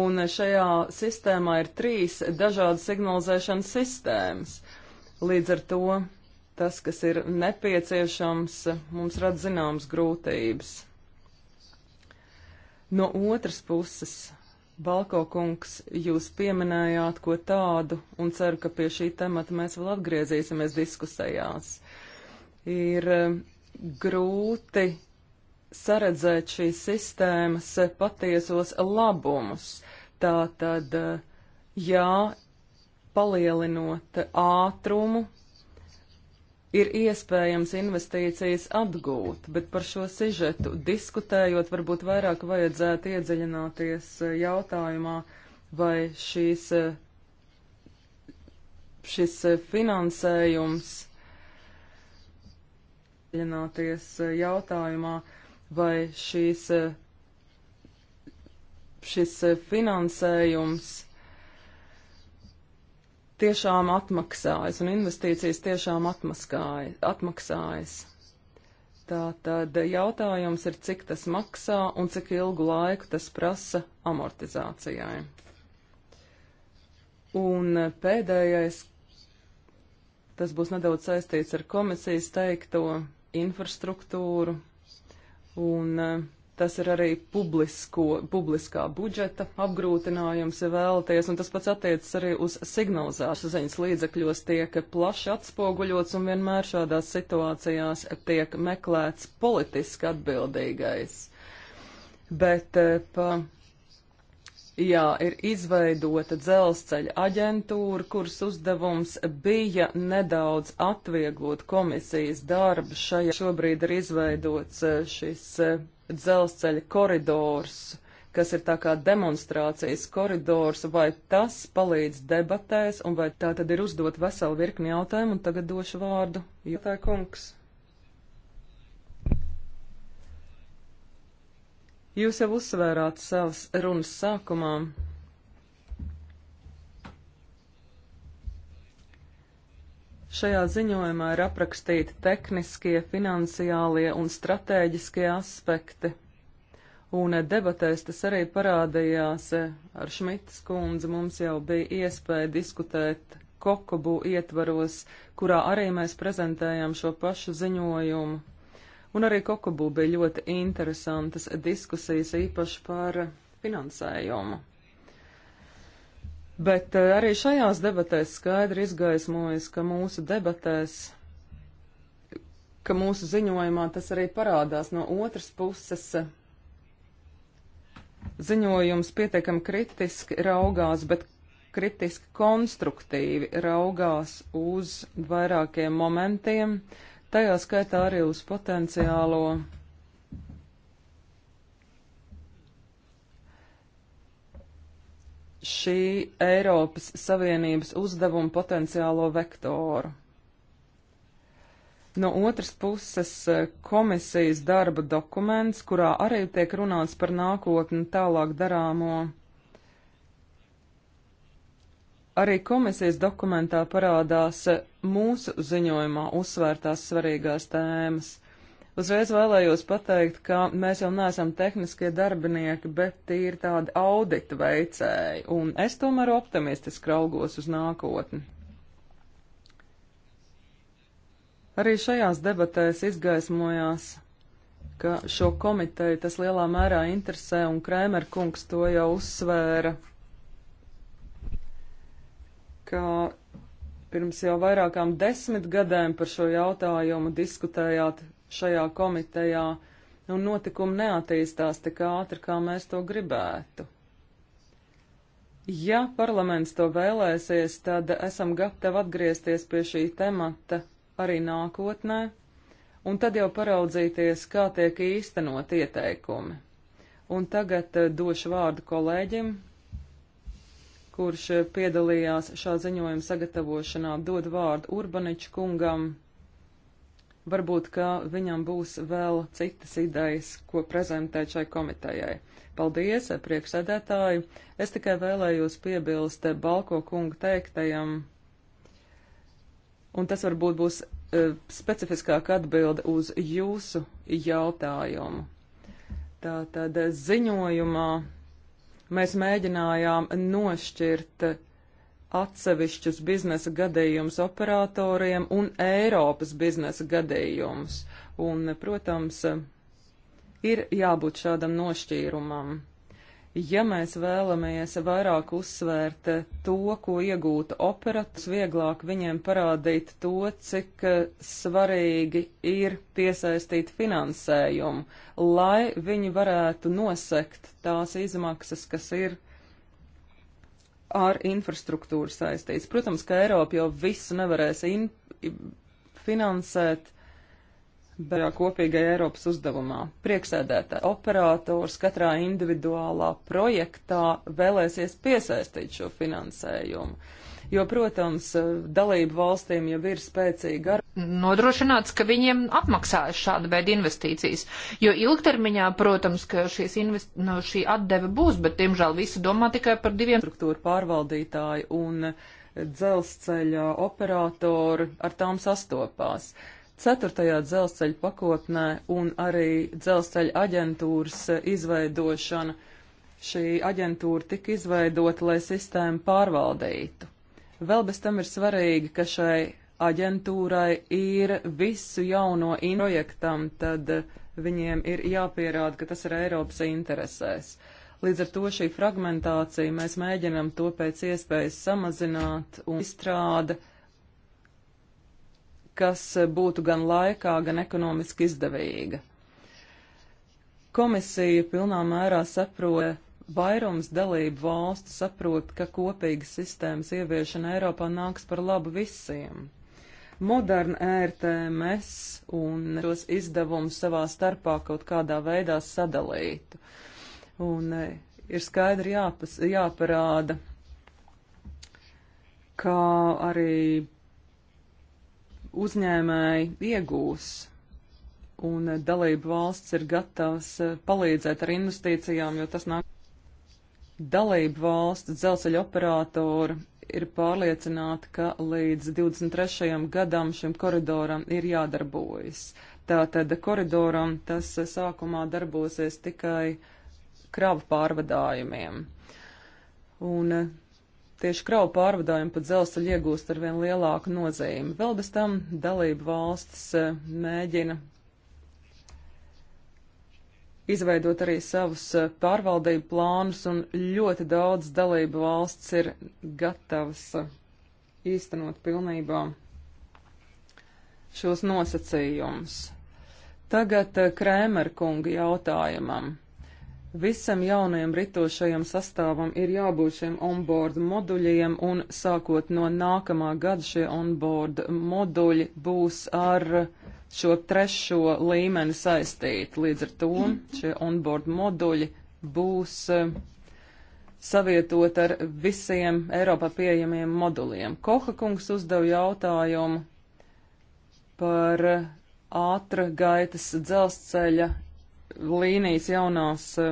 Un šajā sistēmā ir trīs dažādas signalizēšanas sistēmas. Līdz ar to tas, kas ir nepieciešams, mums rada zināmas grūtības. No otras puses, Balko kungs, jūs pieminējāt ko tādu, un ceru, ka pie šī temata mēs vēl atgriezīsimies diskusējās. Ir eh, grūti saredzēt šīs sistēmas eh, patiesos labumus. Tātad, eh, jā, palielinot ātrumu, ir iespējams investīcijas atgūt, bet par šo sižetu diskutējot, varbūt vairāk vajadzētu iedziļināties eh, jautājumā, vai šīs, eh, šis eh, finansējums, iedziļināties jautājumā, vai šīs, šis finansējums tiešām atmaksājas un investīcijas tiešām atmaksājas. Tātad jautājums ir, cik tas maksā un cik ilgu laiku tas prasa amortizācijai. Un pēdējais, tas būs nedaudz saistīts ar komisijas teikto infrastruktūru un uh, Tas ir arī publisko, publiskā budžeta apgrūtinājums vēlties, un tas pats attiecas arī uz signalizāciju. Ziņas līdzekļos tiek plaši atspoguļots, un vienmēr šādās situācijās tiek meklēts politiski atbildīgais. Bet eh, pa Jā, ir izveidota dzelzceļa aģentūra, kuras uzdevums bija nedaudz atvieglot komisijas darbu. Šajā šobrīd ir izveidots eh, šis eh, dzelzceļa koridors, kas ir tā kā demonstrācijas koridors, vai tas palīdz debatēs, un vai tā tad ir uzdot veselu virkni jautājumu, un tagad došu vārdu. Jotāja kungs. Jūs jau uzsvērāt savas runas sākumā Šajā ziņojumā ir aprakstīti tehniskie, finansiālie un strateģiskie aspekti. Un debatēs tas arī parādījās ar Šmitas kundzi. Mums jau bija iespēja diskutēt kokobu ietvaros, kurā arī mēs prezentējām šo pašu ziņojumu. Un arī kokobu bija ļoti interesantas diskusijas īpaši par finansējumu. Bet eh, arī šajās debatēs skaidri izgaismojas, ka mūsu debatēs, ka mūsu ziņojumā tas arī parādās no otras puses. Ziņojums pietiekami kritiski raugās, bet kritiski konstruktīvi raugās uz vairākiem momentiem, tajā skaitā arī uz potenciālo šī Eiropas Savienības uzdevuma potenciālo vektoru. No otras puses, komisijas darba dokuments, kurā arī tiek runāts par nākotni tālāk darāmo. Arī komisijas dokumentā parādās mūsu ziņojumā uzsvērtās svarīgās tēmas. Uzreiz vēlējos pateikt, ka mēs jau neesam tehniskie darbinieki, bet tīri tādi audita veicēji, un es tomēr optimistiski raugos uz nākotni. Arī šajās debatēs izgaismojās, ka šo komiteju tas lielā mērā interesē, un Krēmer kungs to jau uzsvēra, ka pirms jau vairākām desmit gadēm par šo jautājumu diskutējāt šajā komitejā, un notikumi neattīstās tik ātri, kā mēs to gribētu. Ja parlaments to vēlēsies, tad esam gatavi atgriezties pie šī temata arī nākotnē, un tad jau paraudzīties, kā tiek īstenot ieteikumi. Un tagad eh, došu vārdu kolēģim, kurš eh, piedalījās šā ziņojuma sagatavošanā, dod vārdu Urbaniču kungam. Varbūt, ka viņam būs vēl citas idejas, ko prezentēt šai komitejai. Paldies, priekšsēdētāji! Es tikai vēlējos piebilst Balko kungu teiktajam, un tas varbūt būs uh, e, specifiskāk atbilde uz jūsu jautājumu. Tātad ziņojumā mēs mēģinājām nošķirt atsevišķus biznesa gadījumus operatoriem un Eiropas biznesa gadījumus. Un, protams, ir jābūt šādam nošķīrumam. Ja mēs vēlamies vairāk uzsvērt to, ko iegūta operators, vieglāk viņiem parādīt to, cik svarīgi ir piesaistīt finansējumu, lai viņi varētu nosekt tās izmaksas, kas ir ar infrastruktūru saistīts. Protams, ka Eiropa jau visu nevarēs in, finansēt, bet kopīgai Eiropas uzdevumā. Prieksēdētā operators katrā individuālā projektā vēlēsies piesaistīt šo finansējumu. Jo, protams, dalību valstīm jau ir spēcīga nodrošināts, ka viņiem apmaksājas šāda veida investīcijas. Jo ilgtermiņā, protams, ka invest... no, nu, šī atdeve būs, bet, diemžēl, visi domā tikai par diviem struktūru pārvaldītāju un dzelzceļa operātoru ar tām sastopās. Ceturtajā dzelzceļa pakotnē un arī dzelzceļa aģentūras izveidošana. Šī aģentūra tika izveidota, lai sistēmu pārvaldītu. Vēl bez tam ir svarīgi, ka šai aģentūrai ir visu jauno projektam, tad viņiem ir jāpierāda, ka tas ir Eiropas interesēs. Līdz ar to šī fragmentācija mēs mēģinam to pēc iespējas samazināt un izstrāda, kas būtu gan laikā, gan ekonomiski izdevīga. Komisija pilnā mērā saprot, Vairums dalību valstu saprot, ka kopīgas sistēmas ieviešana Eiropā nāks par labu visiem moderna ērtēmes un tos izdevumus savā starpā kaut kādā veidā sadalītu. Un e, ir skaidri jāpas, jāparāda, kā arī uzņēmēji iegūs un e, dalību valsts ir gatavs e, palīdzēt ar investīcijām, jo tas nāk dalību valsts dzelceļa operātoru ir pārliecināti, ka līdz 23. gadam šim koridoram ir jādarbojas. Tātad koridoram tas sākumā darbosies tikai kravu pārvadājumiem. Un eh, tieši kravu pārvadājumi pa dzelzceļu iegūst ar vien lielāku nozīmi. Vēl bez tam dalību valstis eh, mēģina izveidot arī savus eh, pārvaldību plānus, un ļoti daudz dalību valsts ir gatavas eh, īstenot pilnībā šos nosacījumus. Tagad eh, Krēmer kunga jautājumam. Visam jaunajam ritošajam sastāvam ir jābūt šiem onboard moduļiem, un sākot no nākamā gada šie onboard moduļi būs ar uh, šo trešo līmeni saistīt. Līdz ar to šie onboard moduļi būs e, savietot ar visiem Eiropā pieejamiem moduliem. Koha kungs uzdeva jautājumu par e, ātra gaitas dzelzceļa līnijas jaunās e,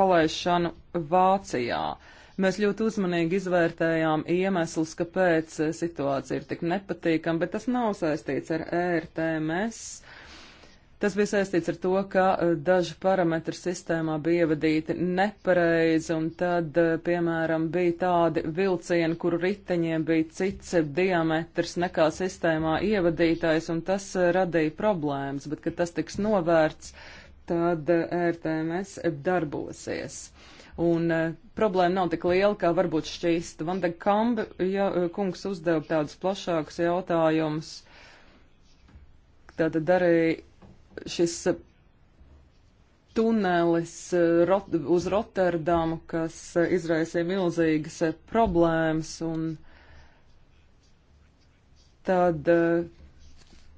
palaišanu Vācijā. Uh, Mēs ļoti uzmanīgi izvērtējām iemeslus, kāpēc eh, situācija ir tik nepatīkama, bet tas nav saistīts ar ērtms. E tas bija saistīts ar to, ka eh, daži parametri sistēmā bija ievadīti nepareizi, un tad, eh, piemēram, bija tādi vilcieni, kuru riteņiem bija cits diametrs nekā sistēmā ievadītais, un tas radīja problēmas, bet, kad tas tiks novērts, tad e RTMS darbosies. Un uh, problēma nav tik liela, kā varbūt šķīst. Vandekambi, ja eh, kungs uzdeva tādus plašākus jautājumus, tātad arī šis eh, tunelis rot, uz Rotterdamu, kas izraisīja milzīgas problēmas un tad uh,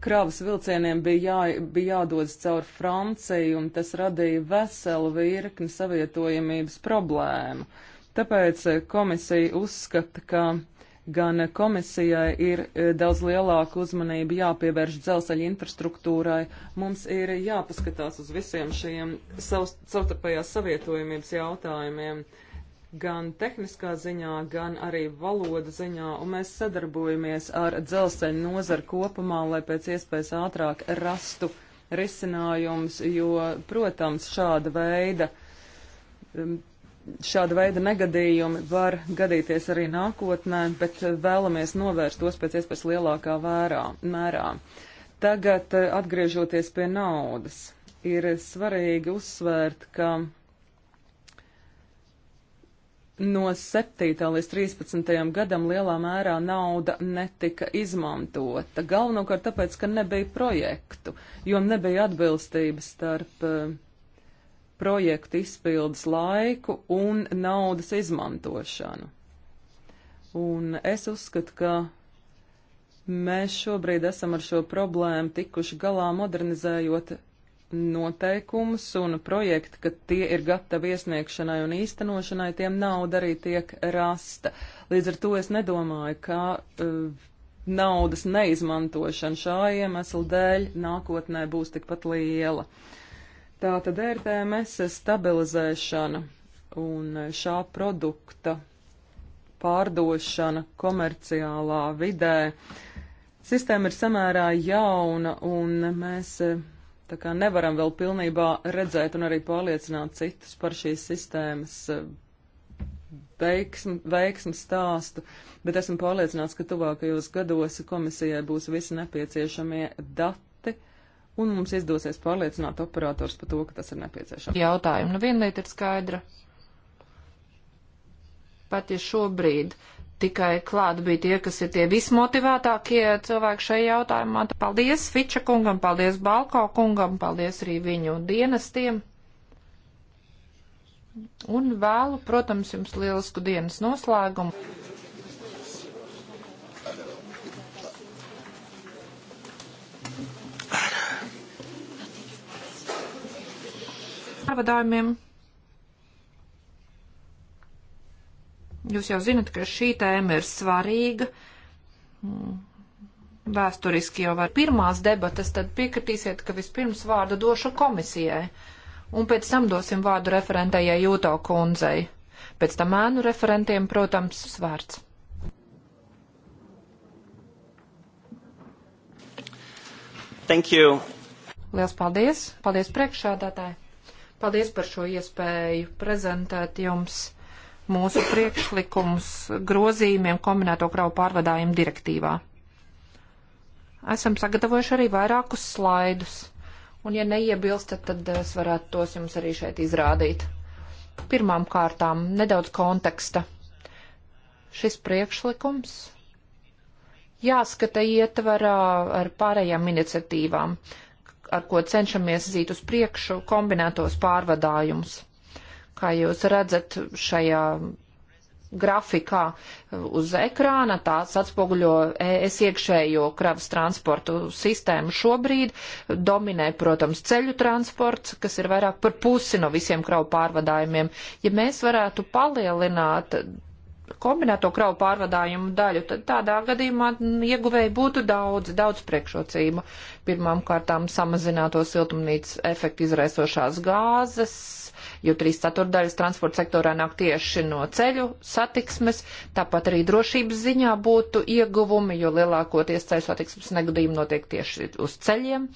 kravas vilcieniem bija, jā, bija jādodas caur Franciju, un tas radīja veselu virkni savietojamības problēmu. Tāpēc eh, komisija uzskata, ka gan komisijai ir eh, daudz lielāka uzmanība jāpievērš dzelzceļa infrastruktūrai. Mums ir jāpaskatās uz visiem šiem savstarpējās savietojamības jautājumiem. Uh, gan tehniskā ziņā, gan arī valoda ziņā, un mēs sadarbojamies ar dzelzceļu nozaru kopumā, lai pēc iespējas ātrāk rastu risinājums, jo, protams, šāda veida šāda veida negadījumi var gadīties arī nākotnē, bet vēlamies novērst tos pēc iespējas lielākā vērā, mērā. Tagad eh, atgriežoties pie naudas, ir svarīgi uzsvērt, ka no 7. līdz 13. gadam lielā mērā nauda netika izmantota. Galvenokārt tāpēc, ka nebija projektu, jo nebija atbilstības starp eh, projektu izpildes laiku un naudas izmantošanu. Un es uzskatu, ka mēs šobrīd esam ar šo problēmu tikuši galā modernizējot noteikumus un projekti, ka tie ir gatavi iesniegšanai un īstenošanai, tiem nauda arī tiek rasta. Līdz ar to es nedomāju, ka uh, naudas neizmantošana šā iemesla dēļ nākotnē būs tikpat liela. Tā tad RTMS stabilizēšana un šā produkta pārdošana komerciālā vidē. Sistēma ir samērā jauna un mēs uh, Tā kā nevaram vēl pilnībā redzēt un arī pārliecināt citus par šīs sistēmas veiksmi, eh, veiksmi stāstu, bet esmu pārliecināts, ka tuvākajos gados komisijai būs visi nepieciešamie dati, un mums izdosies pārliecināt operators par to, ka tas ir nepieciešams. Jautājumi. Nu, viena lieta ir skaidra. Pat ja šobrīd tikai klāt bija tie, kas ir tie vismotivētākie cilvēki šajā jautājumā. Paldies Fiča kungam, paldies Balko kungam, paldies arī viņu dienestiem. Un vēlu, protams, jums lielisku dienas noslēgumu. Pārvadājumiem. Jūs jau zinat, ka šī tēma ir svarīga. Vēsturiski jau var pirmās debatas, tad piekritīsiet, ka vispirms vārdu došu komisijai, un pēc tam dosim vārdu referentējai Jūto kundzei. Pēc tam ēnu referentiem, protams, svārds. Thank you. Liels paldies! Paldies priekšādātāji! Paldies par šo iespēju prezentēt jums mūsu priekšlikumus grozījumiem kombinēto kravu pārvadājumu direktīvā. Esam sagatavojuši arī vairākus slaidus, un ja neiebilstat, tad es varētu tos jums arī šeit izrādīt. Pirmām kārtām nedaudz konteksta. Šis priekšlikums jāskata ietvarā ar pārējām iniciatīvām, ar ko cenšamies zīt uz priekšu kombinētos pārvadājumus kā jūs redzat šajā grafikā uz ekrāna, tās atspoguļo es iekšējo kravas transportu sistēmu šobrīd. Dominē, protams, ceļu transports, kas ir vairāk par pusi no visiem kravu pārvadājumiem. Ja mēs varētu palielināt kombinēto kravu pārvadājumu daļu, tad tādā gadījumā ieguvēji būtu daudz, daudz priekšrocību. Pirmām kārtām samazināto siltumnīcas efektu izraisošās gāzes, jo trīs ceturdaļas transporta sektorā nāk tieši no ceļu satiksmes, tāpat arī drošības ziņā būtu ieguvumi, jo lielākoties ceļu satiksmes negadījumi notiek tieši uz ceļiem,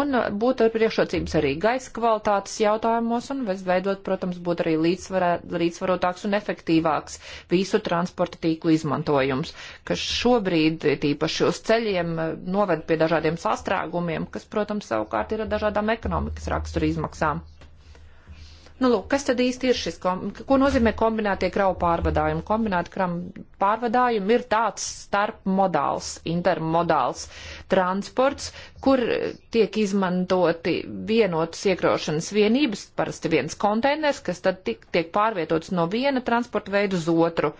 un uh, būtu ar priekšrocības arī gaisa kvalitātes jautājumos, un veidot, protams, būtu arī līdzvarē, līdzvarotāks un efektīvāks visu transporta tīklu izmantojums, kas šobrīd tīpaši uz ceļiem uh, noved pie dažādiem sastrēgumiem, kas, protams, savukārt ir ar dažādām ekonomikas rakstura izmaksām. Nu, lūk, kas tad īsti ir šis, ko nozīmē kombinētie kravu pārvadājumi? Kombinēti kravu pārvadājumi ir tāds starpmodāls, intermodāls transports, kur tiek izmantoti vienotas iekrošanas vienības, parasti viens konteiners, kas tad tiek pārvietots no viena transporta veida uz otru.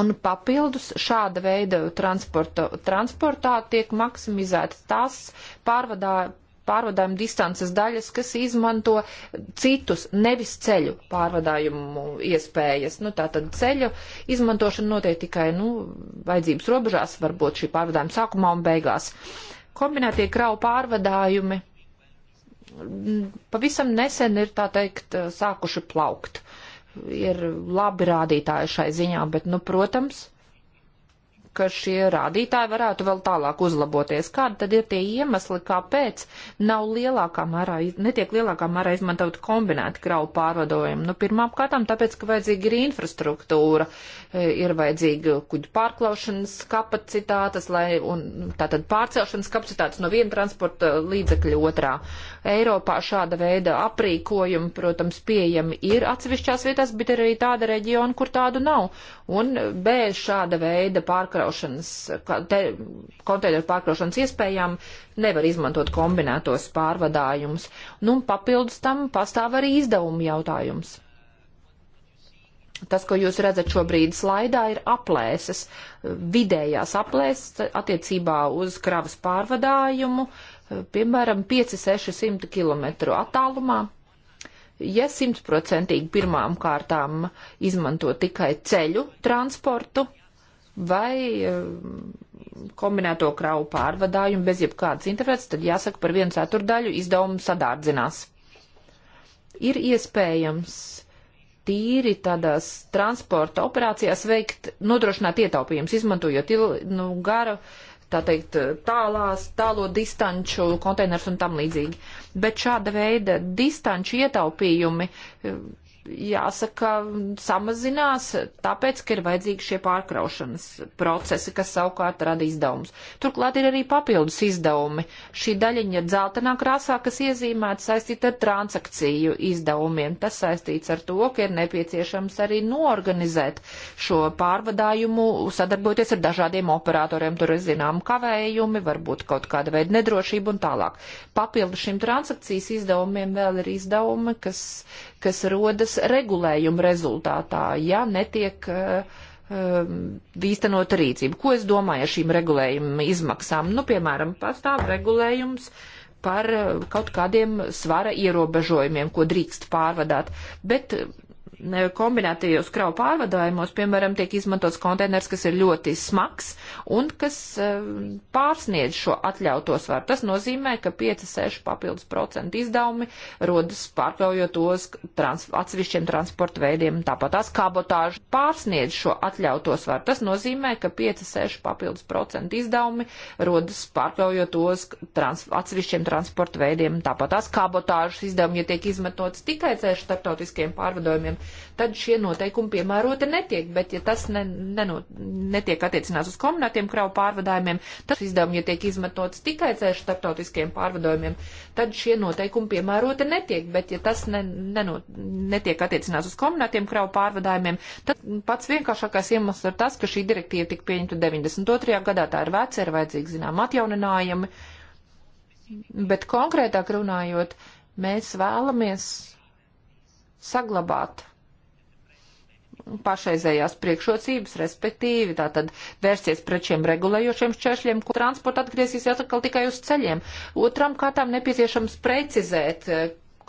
Un papildus šāda veida transporta, transportā tiek maksimizētas tās pārvadā, pārvadājuma distances daļas, kas izmanto citus, nevis ceļu pārvadājumu iespējas. Nu, tā tad ceļu izmantošana notiek tikai, nu, vajadzības robežās, varbūt šī pārvadājuma sākumā un beigās. Kombinētie kravu pārvadājumi mm, pavisam nesen ir, tā teikt, sākuši plaukt. Ir labi rādītāji šai ziņā, bet, nu, protams, ka šie rādītāji varētu vēl tālāk uzlaboties. Kādi tad ir tie iemesli, kāpēc nav lielākā mērā, netiek lielākā mērā izmantot kombinēti kravu pārvadojumi? Nu, pirmām kārtām tāpēc, ka vajadzīga ir infrastruktūra, e, ir vajadzīga kuģu pārklaušanas kapacitātes, lai, un tātad pārcelšanas kapacitātes no viena transporta līdzekļa otrā. Eiropā šāda veida aprīkojumi, protams, pieejami ir atsevišķās vietās, bet ir arī tāda reģiona, kur tādu nav. Un e, bez šāda veida pārkraušanas pārkraušanas, te, konteineru pārkraušanas iespējām nevar izmantot kombinētos pārvadājumus. Nu, un papildus tam pastāv arī izdevumu jautājums. Tas, ko jūs redzat šobrīd slaidā, ir aplēses, vidējās aplēses attiecībā uz kravas pārvadājumu, piemēram, 5-600 km attālumā ja simtprocentīgi pirmām kārtām izmanto tikai ceļu transportu, vai um, kombinēto kravu pārvadājumu bez jebkādas interferences, tad jāsaka par vienu ceturdaļu izdevumu sadārdzinās. Ir iespējams tīri tādās transporta operācijās veikt, nodrošināt ietaupījums, izmantojot il, nu, garu, tā teikt, tālās, tālo distanču konteinerus un tam līdzīgi. Bet šāda veida distanču ietaupījumi jāsaka, samazinās, tāpēc, ka ir vajadzīgi šie pārkraušanas procesi, kas savukārt rada izdevumus. Turklāt ir arī papildus izdevumi. Šī daļiņa ir dzeltenā krāsā, kas iezīmēta saistīta ar transakciju izdevumiem. Tas saistīts ar to, ka ir nepieciešams arī norganizēt šo pārvadājumu, sadarbojoties ar dažādiem operatoriem. Tur ir zinām kavējumi, varbūt kaut kāda veida nedrošība un tālāk. Papildus šim transakcijas izdevumiem vēl ir izdevumi, kas kas rodas regulējuma rezultātā, ja netiek uh, um, īstenot rīcību. Ko es domāju ar šīm regulējuma izmaksām? Nu, piemēram, pastāv regulējums par uh, kaut kādiem svara ierobežojumiem, ko drīkst pārvadāt, bet kombinētajos kravu pārvadājumos, piemēram, tiek izmantots konteiners, kas ir ļoti smags un kas e, pārsniedz šo atļauto svaru. Tas nozīmē, ka 5-6 papildus procentu izdevumi rodas pārkļaujot tos trans atsevišķiem transporta veidiem. Tāpat tās kabotāžu pārsniedz šo atļauto svaru. Tas nozīmē, ka 5-6 papildus procentu izdevumi rodas pārkļaujot tos trans atsevišķiem transporta veidiem. Tāpat tās kabotāžas izdevumi, ja tiek izmantots tikai ceļu starptautiskiem pārvadājumiem, tad šie noteikumi piemēroti netiek, bet ja tas ne, neno, netiek attiecinās uz komunātiem kravu pārvadājumiem, tad izdevumi, ja tiek izmetots tikai ceļu starptautiskiem pārvadājumiem, tad šie noteikumi piemēroti netiek, bet ja tas ne, neno, netiek attiecinās uz komunātiem kravu pārvadājumiem, tad pats vienkāršākais iemesls ir tas, ka šī direktīva tika pieņemta 92. gadā, tā ir veca, ir vajadzīgi, zinām, atjauninājumi. Bet konkrētāk runājot, mēs vēlamies saglabāt pašreizējās priekšrocības, respektīvi tātad vērsties pret šiem regulējošiem šķēršļiem, ko transporta atgriezīsies atkal tikai uz ceļiem. Otram kārtām nepieciešams precizēt eh,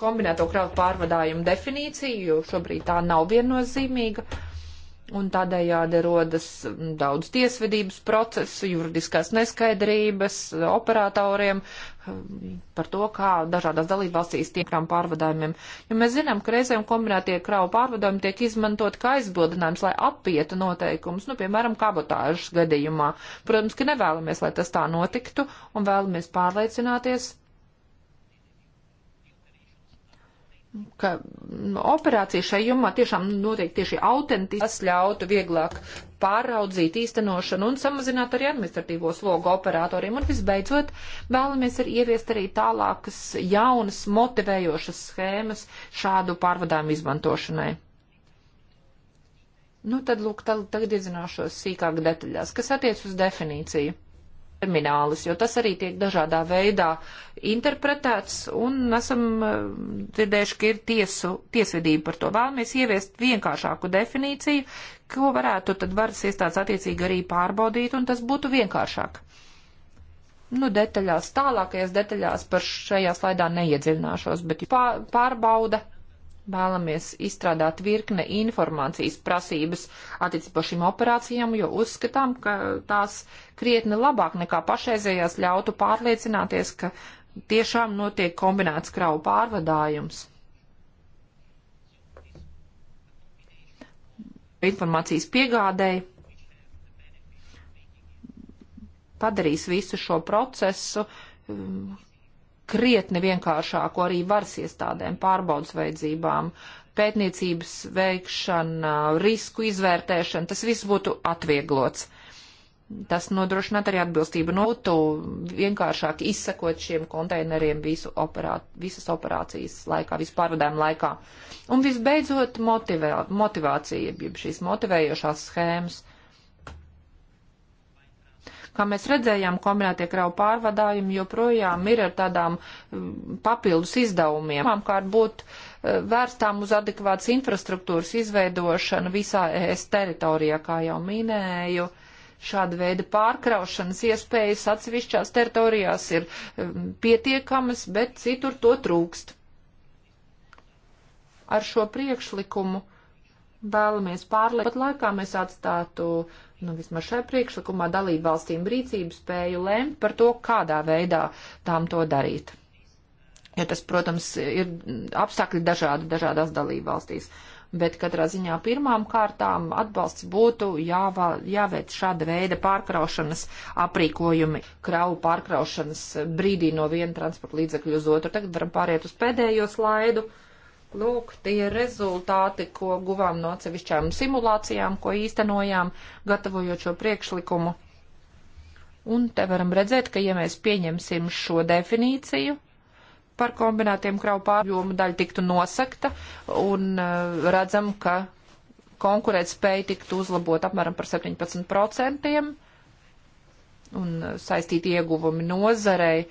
kombinēto kravu pārvadājumu definīciju, jo šobrīd tā nav viennozīmīga. Uh, un tādējādi rodas daudz tiesvedības procesu, juridiskās neskaidrības operatoriem par to, kā dažādās dalībvalstīs tiek krāmu pārvadājumiem. Jo mēs zinām, ka reizēm kombinētie kravu pārvadājumi tiek izmantot kā aizbildinājums, lai apietu noteikumus, nu, piemēram, kabotāžas gadījumā. Protams, ka nevēlamies, lai tas tā notiktu, un vēlamies pārliecināties, ka operācija šai jomā tiešām notiek tieši autentiski, tas ļautu vieglāk pāraudzīt īstenošanu un samazināt arī administratīvo slogu operatoriem. Un visbeidzot, vēlamies arī ieviest arī tālākas jaunas motivējošas schēmas šādu pārvadājumu izmantošanai. Nu, tad, lūk, tagad iedzināšos sīkāk detaļās, kas attiec uz definīciju terminālis, jo tas arī tiek dažādā veidā interpretēts un esam eh, dzirdējuši, ka ir tiesu, tiesvedība par to. Vēlamies ieviest vienkāršāku definīciju, ko varētu tad varas iestādes attiecīgi arī pārbaudīt, un tas būtu vienkāršāk. Nu, detaļās, tālākajās detaļās par šajā slaidā neiedziļināšos, bet pārbauda Vēlamies izstrādāt virkne informācijas prasības attiecībā šīm operācijām, jo uzskatām, ka tās krietni labāk nekā pašreizējās ļautu pārliecināties, ka tiešām notiek kombinēts kravu pārvadājums. Informācijas piegādēji padarīs visu šo procesu mm, krietni vienkāršāku arī varas iestādēm, pārbaudas vajadzībām, pētniecības veikšana, risku izvērtēšana, tas viss būtu atvieglots. Tas nodrošinātu arī atbilstību notu, nu, vienkāršāk izsekot šiem konteineriem visu operā, visas operācijas laikā, vispārvadājuma laikā. Un visbeidzot, motivē, motivācija, jeb šīs motivējošās schēmas. Uh, Kā mēs redzējām, kombinētie kravu pārvadājumi joprojām ir ar tādām papildus izdevumiem. Pirmkārt, būtu e, vērstām uz adekvātas infrastruktūras izveidošanu visā ES teritorijā, kā jau minēju. Šāda veida pārkraušanas iespējas atsevišķās teritorijās ir pietiekamas, bet citur to trūkst. Ar šo priekšlikumu vēlamies pārliecināt, pat laikā mēs atstātu uh, nu, vismaz šai priekšlikumā dalību valstīm rīcību spēju lēmt par to, kādā veidā tām to darīt. Jo ja tas, protams, ir apstākļi dažādi dažādās dalību valstīs. Bet katrā ziņā pirmām kārtām atbalsts būtu jāvā, jāveic šāda veida pārkraušanas aprīkojumi, kravu pārkraušanas brīdī no viena transporta līdzekļa uz otru. Tagad varam pāriet uz pēdējo slaidu. Uh, Lūk, tie rezultāti, ko guvām no atsevišķām simulācijām, ko īstenojām, gatavojot šo priekšlikumu. Un te varam redzēt, ka ja mēs pieņemsim šo definīciju par kombinētiem kravu pārjomu daļu tiktu nosakta un uh, redzam, ka konkurētspēja tiktu uzlabot apmēram par 17% un eh, saistīti ieguvumi nozarei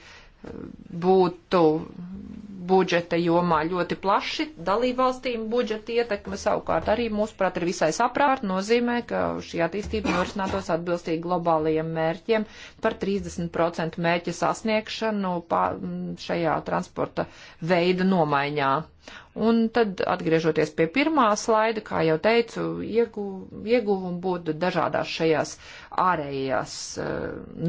būtu budžeta jomā ļoti plaši dalībvalstīm budžeta ietekme savukārt arī mūsuprāt ir visai saprāta nozīmē, ka šī attīstība norisinātos atbilstīgi globālajiem mērķiem par 30% mērķa sasniegšanu šajā transporta veida nomaiņā. Un tad, atgriežoties pie pirmā slaida, kā jau teicu, iegu, ieguvumi būtu dažādās šajās ārējās uh,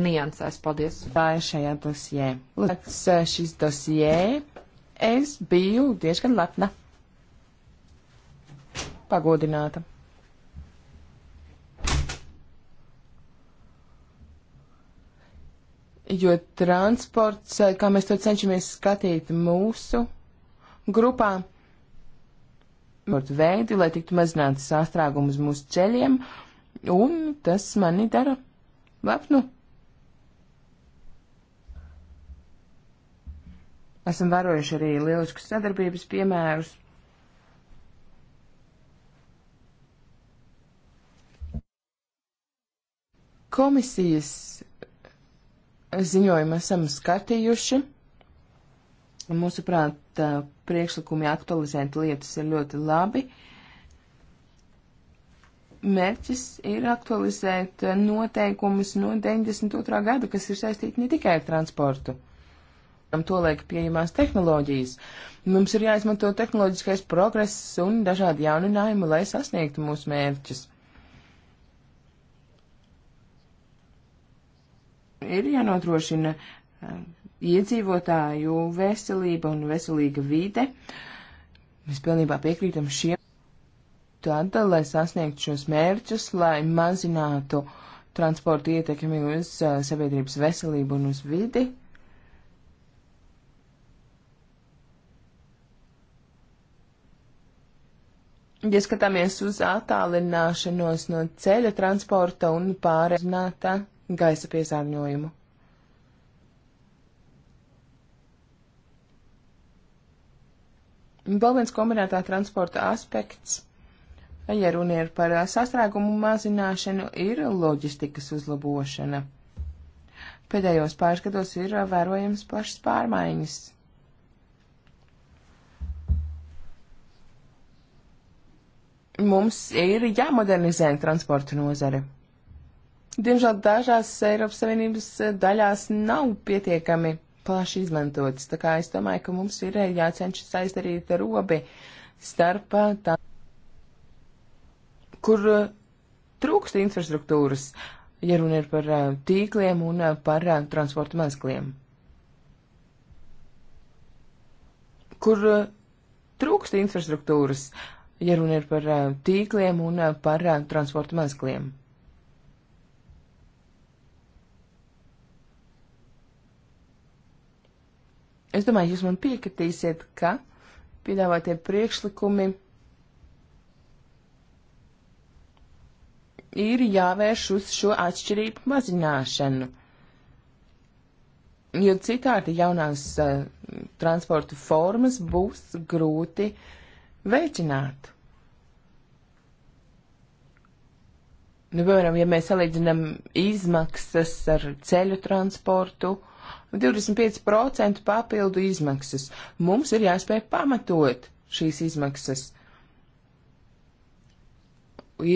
niansēs. Paldies! Tā ir šajā dosjē. Lūdzu, šis dosjē es biju diezgan lepna. Pagodināta. Jo transports, eh, kā mēs to cenšamies skatīt mūsu grupām. Veidi, lai tiktu mazināts sastrēgums mūsu ceļiem, un tas mani dara lepnu. Esam vērojuši arī lieliskus sadarbības piemērus. Komisijas ziņojumu esam skatījuši. Mūsuprāt, priekšlikumi aktualizēt lietas ir ļoti labi. Mērķis ir aktualizēt noteikumus no 92. gada, kas ir saistīti ne tikai ar transportu. To liek pieejamās tehnoloģijas. Mums ir jāizmanto tehnoloģiskais progress un dažādi jauninājumi, lai sasniegtu mūsu mērķus. Ir jānodrošina um, iedzīvotāju veselība un veselīga vide. Mēs pilnībā piekrītam šiem. Tad, lai sasniegtu šos mērķus, lai mazinātu transporta ietekmi uz uh, sabiedrības veselību un uz vidi, ja skatāmies uz attālināšanos no ceļa transporta un pārēznātā gaisa piesārņojumu. Vēl viens kombinētā transporta aspekts, ja runa ir par sastrēgumu mazināšanu, ir loģistikas uzlabošana. Pēdējos pāris gados ir vērojams plašas pārmaiņas. Mums ir jāmodernizē transporta nozare. Diemžēl dažās Eiropas Savienības daļās nav pietiekami plaši izmantotas. Tā kā es domāju, ka mums ir eh, jācenšas aizdarīt robi starp eh, tā, kur eh, trūkst infrastruktūras, ja runa ir par tīkliem un par transporta mazgliem. Kur trūkst infrastruktūras, ja runa ir par tīkliem un par transporta mazgliem. Es domāju, jūs man piekritīsiet, ka piedāvātie priekšlikumi ir jāvērš uz šo atšķirību mazināšanu. Jo citādi jaunās uh, transporta formas būs grūti veicināt. Nu, piemēram, ja mēs salīdzinām izmaksas ar ceļu transportu, uh, 25% papildu izmaksas. Mums ir jāspēj pamatot šīs izmaksas.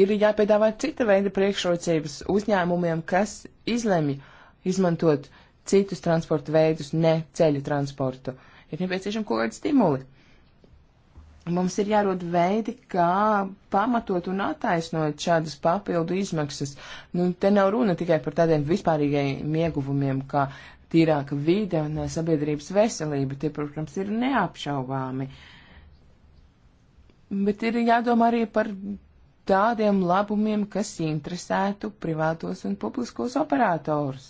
Ir jāpiedāvā cita veida priekšrocības uzņēmumiem, kas izlemj izmantot citus transporta veidus, ne ceļu transportu. Ir nepieciešami kaut kādi stimuli. Mums ir jārod veidi, kā pamatot un attaisnot šādas papildu izmaksas. Nu, te nav runa tikai par tādiem vispārīgajiem ieguvumiem, kā tīrāka vide un eh, sabiedrības veselība, tie, protams, ir neapšaubāmi. Bet ir jādomā arī par tādiem labumiem, kas interesētu privātos un publiskos operators.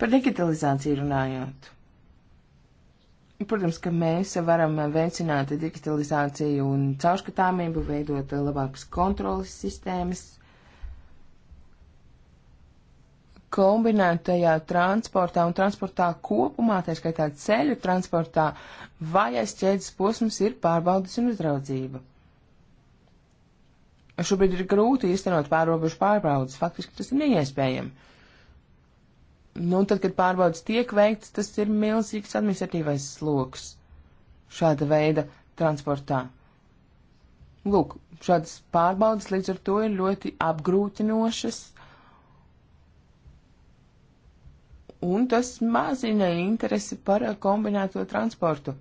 Par digitalizāciju runājot. Protams, ka mēs varam veicināt digitalizāciju un caurskatāmību, veidot labākas kontrolas sistēmas, kombinētajā transportā un transportā kopumā, tā skaitā ceļu transportā, vājais ķēdes posms ir pārbaudas un uzraudzība. Šobrīd ir grūti īstenot pārobežu pārbaudas, faktiski tas ir neiespējami. Nu, tad, kad pārbaudas tiek veikts, tas ir milzīgs administratīvais sloks šāda veida transportā. Lūk, šādas pārbaudas līdz ar to ir ļoti apgrūtinošas un tas mazina interesi par kombinēto transportu.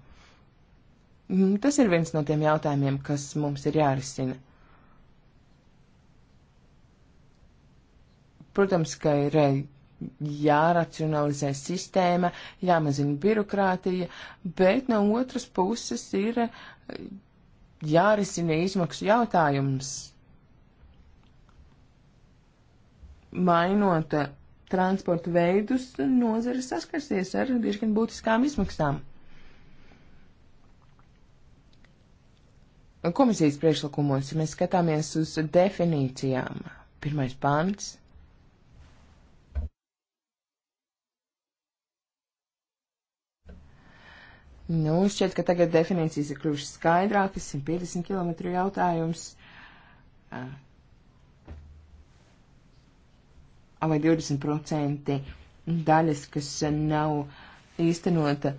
Mm, tas ir viens no tiem jautājumiem, kas mums ir jārisina. Protams, ka ir eh, jāracionalizē sistēma, jāmazina birokrātija, bet no otras puses ir eh, jārisina izmaksu jautājums. Mainot eh, transporta veidus, nozara saskarsies ar diezgan būtiskām izmaksām. Komisijas priekšlikumos, ja mēs skatāmies uz definīcijām, pirmais pants. Nu, šķiet, ka tagad definīcijas ir kļuvušas skaidrākas, 150 km jautājums ah. vai 20% daļas, kas nav īstenota,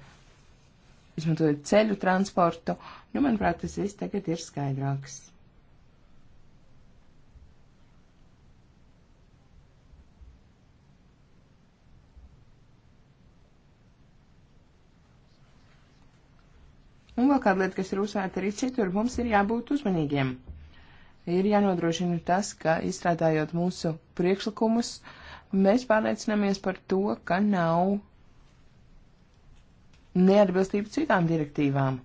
izmantojot ceļu transportu, nu, manuprāt, tas viss tagad ir skaidrāks. Un vēl kāda lieta, kas ir uzsvērta arī citur, mums ir jābūt uzmanīgiem ir jānodrošina tas, ka izstrādājot mūsu priekšlikumus, mēs pārliecināmies par to, ka nav neatbilstību citām direktīvām.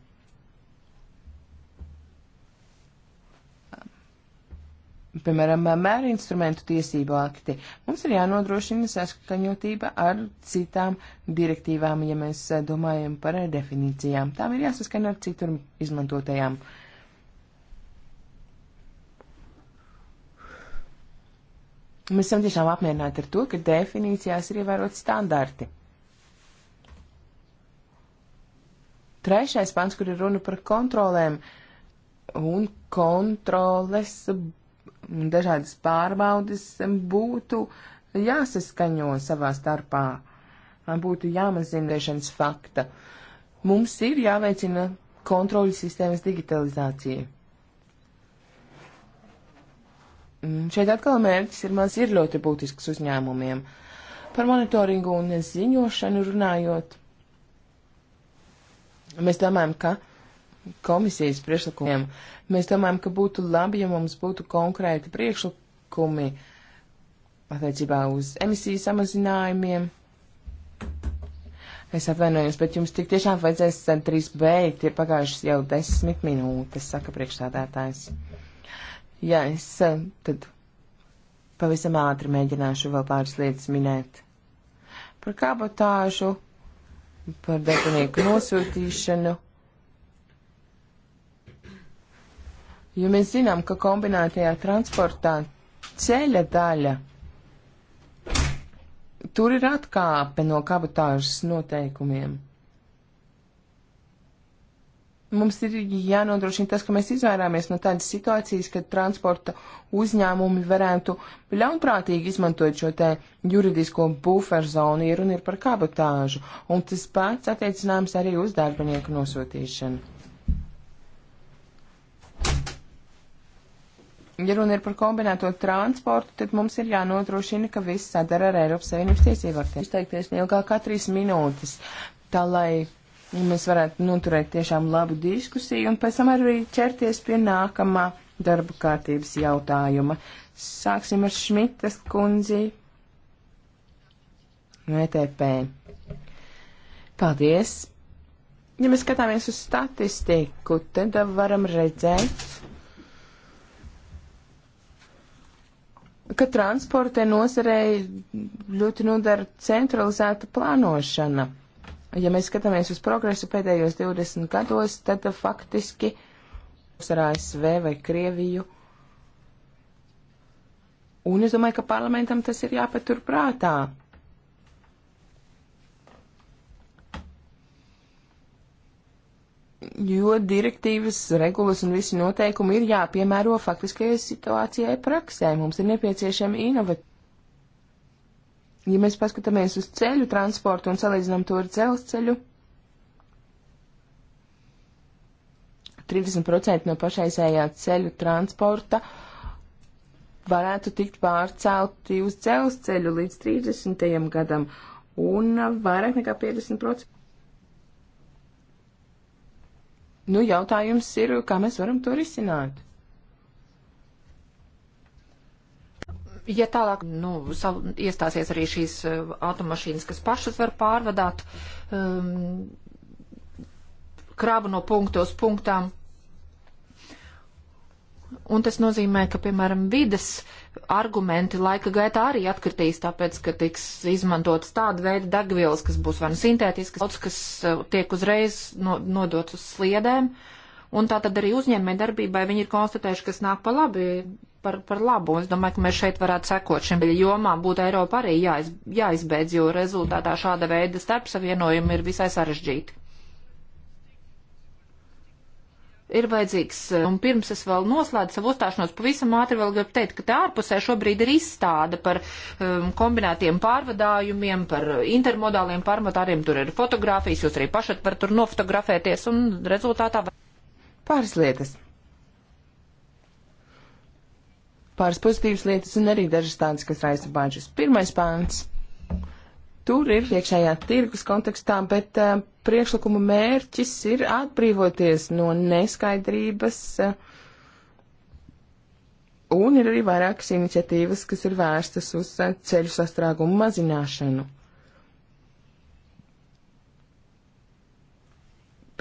piemēram, mēra instrumentu tiesību akti. Mums ir jānodrošina saskaņotība ar citām direktīvām, ja mēs eh, domājam par eh, definīcijām. Tām ir jāsaskana ar citur izmantotajām direktīvām Mēs esam tiešām apmierināti ar to, ka definīcijās ir ievērot standarti. Trešais pants, kur ir runa par kontrolēm un kontroles un dažādas pārbaudes būtu jāsaskaņo savā starpā, būtu jāmazina dēšanas fakta. Mums ir jāveicina kontroļu sistēmas digitalizācija. Mm, šeit atkal mērķis ir maz ir ļoti būtisks uzņēmumiem. Par monitoringu un ziņošanu runājot, mēs domājam, ka komisijas priekšlikumiem, mēs domājam, ka būtu labi, ja mums būtu konkrēti priekšlikumi attiecībā uz emisiju samazinājumiem. Es atvainojos, bet jums tik tiešām vajadzēs trīs beigt, ir pagājušas jau desmit minūtes, saka priekšstādātājs. Ja es eh, tad pavisam ātri mēģināšu vēl pāris lietas minēt. Par kabotāžu, par darbinieku nosūtīšanu. Jo mēs zinām, ka kombinētajā transportā ceļa daļa tur ir atkāpe no kabotāžas noteikumiem. Mums ir jānodrošina tas, ka mēs izvairāmies no tādas situācijas, kad transporta uzņēmumi varētu ļaunprātīgi izmantot šo te juridisko buferzonu, ja runa ir par kabotāžu, un tas pats attiecināms arī uz darbinieku nosūtīšanu. Ja runa ir par kombinēto transportu, tad mums ir jānodrošina, ka viss sadara ar Eiropas Savienības tiesību aktiem. Izteikties neilgāk kā trīs minūtes, tā lai mēs varētu noturēt tiešām labu diskusiju un pēc tam arī ķerties pie nākamā darba kārtības jautājuma. Sāksim ar Šmitas kundzi no ETP. Paldies! Ja mēs skatāmies uz statistiku, tad varam redzēt, ka transporta nozarei ļoti nodara centralizēta plānošana. Ja mēs skatāmies uz progresu pēdējos 20 gados, tad faktiski ar ASV vai Krieviju. Un es domāju, ka parlamentam tas ir jāpatur prātā. jo direktīvas, regulas un visi noteikumi ir jāpiemēro faktiskajai situācijai praksē. Mums ir nepieciešami inovatīvi ja mēs paskatāmies uz ceļu transportu un salīdzinām to ar dzelzceļu, 30% no pašreizējā ceļu transporta varētu tikt pārcelti uz dzelzceļu līdz 30. gadam un vairāk nekā 50%. Nu, jautājums ir, kā mēs varam to risināt? Ja tālāk nu, savu, iestāsies arī šīs eh, automašīnas, kas pašas var pārvadāt um, ehm, kravu no punktu uz punktām, un tas nozīmē, ka, piemēram, vides argumenti laika gaitā arī atkritīs, tāpēc, ka tiks izmantotas tāda veida degvielas, kas būs vai nu sintētiskas, daudz, kas eh, tiek uzreiz no, nodots uz sliedēm. Uh, un tā tad arī uzņēmē darbībai viņi ir konstatējuši, kas nāk pa labi, par, par labu. Es domāju, ka mēs šeit varētu sekot šim jomām, būtu Eiropa arī jāiz, jāizbeidz, jo rezultātā šāda veida starpsavienojumi ir visai sarežģīti. ir vajadzīgs. Un pirms es vēl noslēdzu savu uzstāšanos, pavisam ātri vēl gribu teikt, ka tā ārpusē šobrīd ir izstāde par um, kombinētiem pārvadājumiem, par intermodāliem pārvadājumiem. Tur ir fotografijas, jūs arī pašat varat tur nofotografēties un rezultātā. Var... Pāris lietas. Pāris pozitīvas lietas un arī dažas tādas, kas raisa bažas. Pirmais pāns. Tur ir iekšējā tirgus kontekstā, bet uh, priekšlikuma mērķis ir atbrīvoties no neskaidrības. Uh, un ir arī vairākas iniciatīvas, kas ir vērstas uz eh, ceļu sastrēgumu mazināšanu.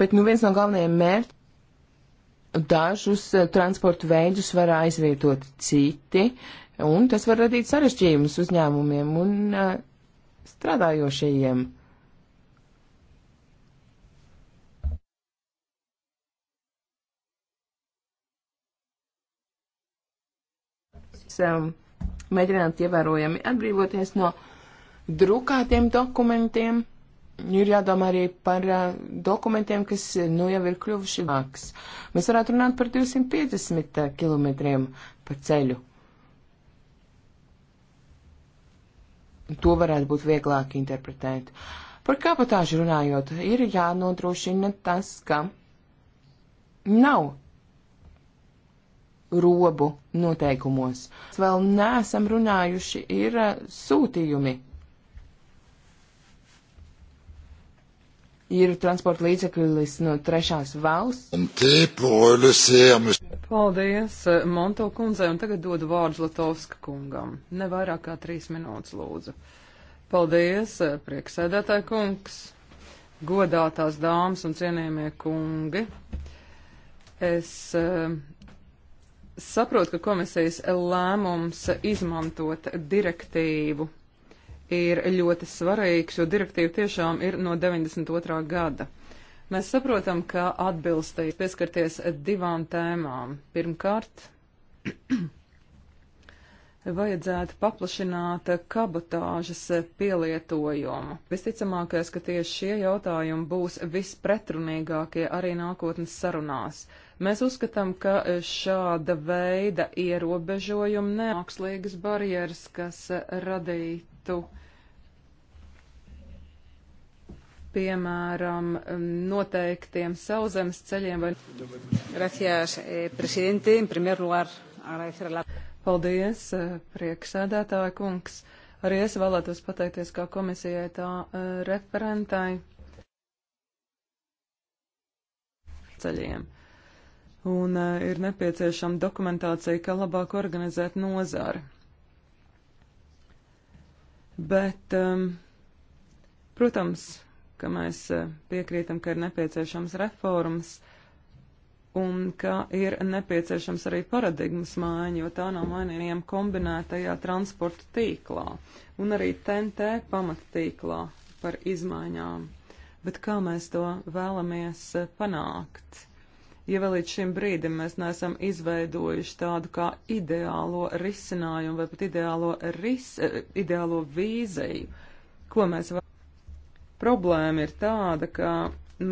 Bet nu viens no galvenajiem mērķiem dažus eh, transportu veidus var aizvietot citi, un tas var radīt sarežģījumus uzņēmumiem un eh, strādājošajiem. Eh, Mēģināt ievērojami atbrīvoties no drukātiem dokumentiem ir jādomā arī par uh, dokumentiem, kas nu jau ir kļuvuši vāks. Mēs varētu runāt par 250 km pa ceļu. To varētu būt vieglāk interpretēt. Par kapatāžu runājot, ir jānodrošina tas, ka nav robu noteikumos. Vēl neesam runājuši, ir uh, sūtījumi ir transporta līdzeklis no trešās valsts. Paldies, eh, Monto kundzei, un tagad dodu vārdu Latovska kungam. Ne vairāk kā trīs minūtes, lūdzu. Paldies, eh, prieksēdētāji kungs, godātās dāmas un cienījamie kungi. Es eh, saprotu, ka komisijas lēmums izmantot direktīvu ir ļoti svarīgs, jo direktīva tiešām ir no 92. gada. Mēs saprotam, ka atbilstīgi pieskarties divām tēmām. Pirmkārt, *clears throat* vajadzētu paplašināt kabotāžas pielietojumu. Visticamākais, ka tieši šie jautājumi būs vispretrunīgākie arī nākotnes sarunās. Mēs uzskatām, ka šāda veida ierobežojumi nemākslīgas barjeras, kas radīt varētu, piemēram, noteiktiem sauzemes ceļiem vai. Gracias, eh, presidente. En primer lugar, agradecer la. Paldies, eh, prieksēdētāja kungs. Arī es vēlētos pateikties kā komisijai tā uh, referentai ceļiem. Un uh, ir nepieciešama dokumentācija, kā labāk organizēt nozari. Bet, um, protams, ka mēs uh, piekrītam, ka ir nepieciešams reformas un ka ir nepieciešams arī paradigmas maiņa, jo tā nav mainījama kombinētajā transporta tīklā un arī TNT pamattīklā par izmaiņām. Bet kā mēs to vēlamies uh, panākt? ja vēl līdz šim brīdim mēs neesam izveidojuši tādu kā ideālo risinājumu vai pat ideālo, ris, eh, ideālo vīziju, ko mēs varam. Problēma ir tāda, ka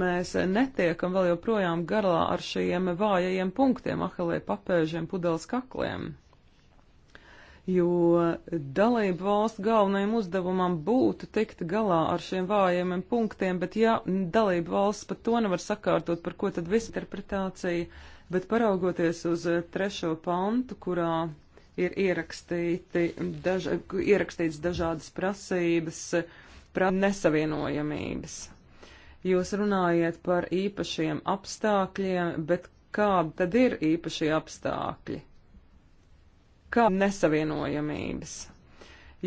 mēs netiekam vēl joprojām garlā ar šiem vājajiem punktiem, ahelē papēžiem, pudeles kakliem jo dalību valsts galvenajam uzdevumam būtu tikt galā ar šiem vājiem punktiem, bet ja dalību valsts pat to nevar sakārtot, par ko tad viss interpretācija, bet paraugoties uz trešo pantu, kurā ir daž, ierakstīts dažādas prasības, pra nesavienojamības. Jūs runājat par īpašiem apstākļiem, bet kādi tad ir īpašie apstākļi? kā nesavienojamības.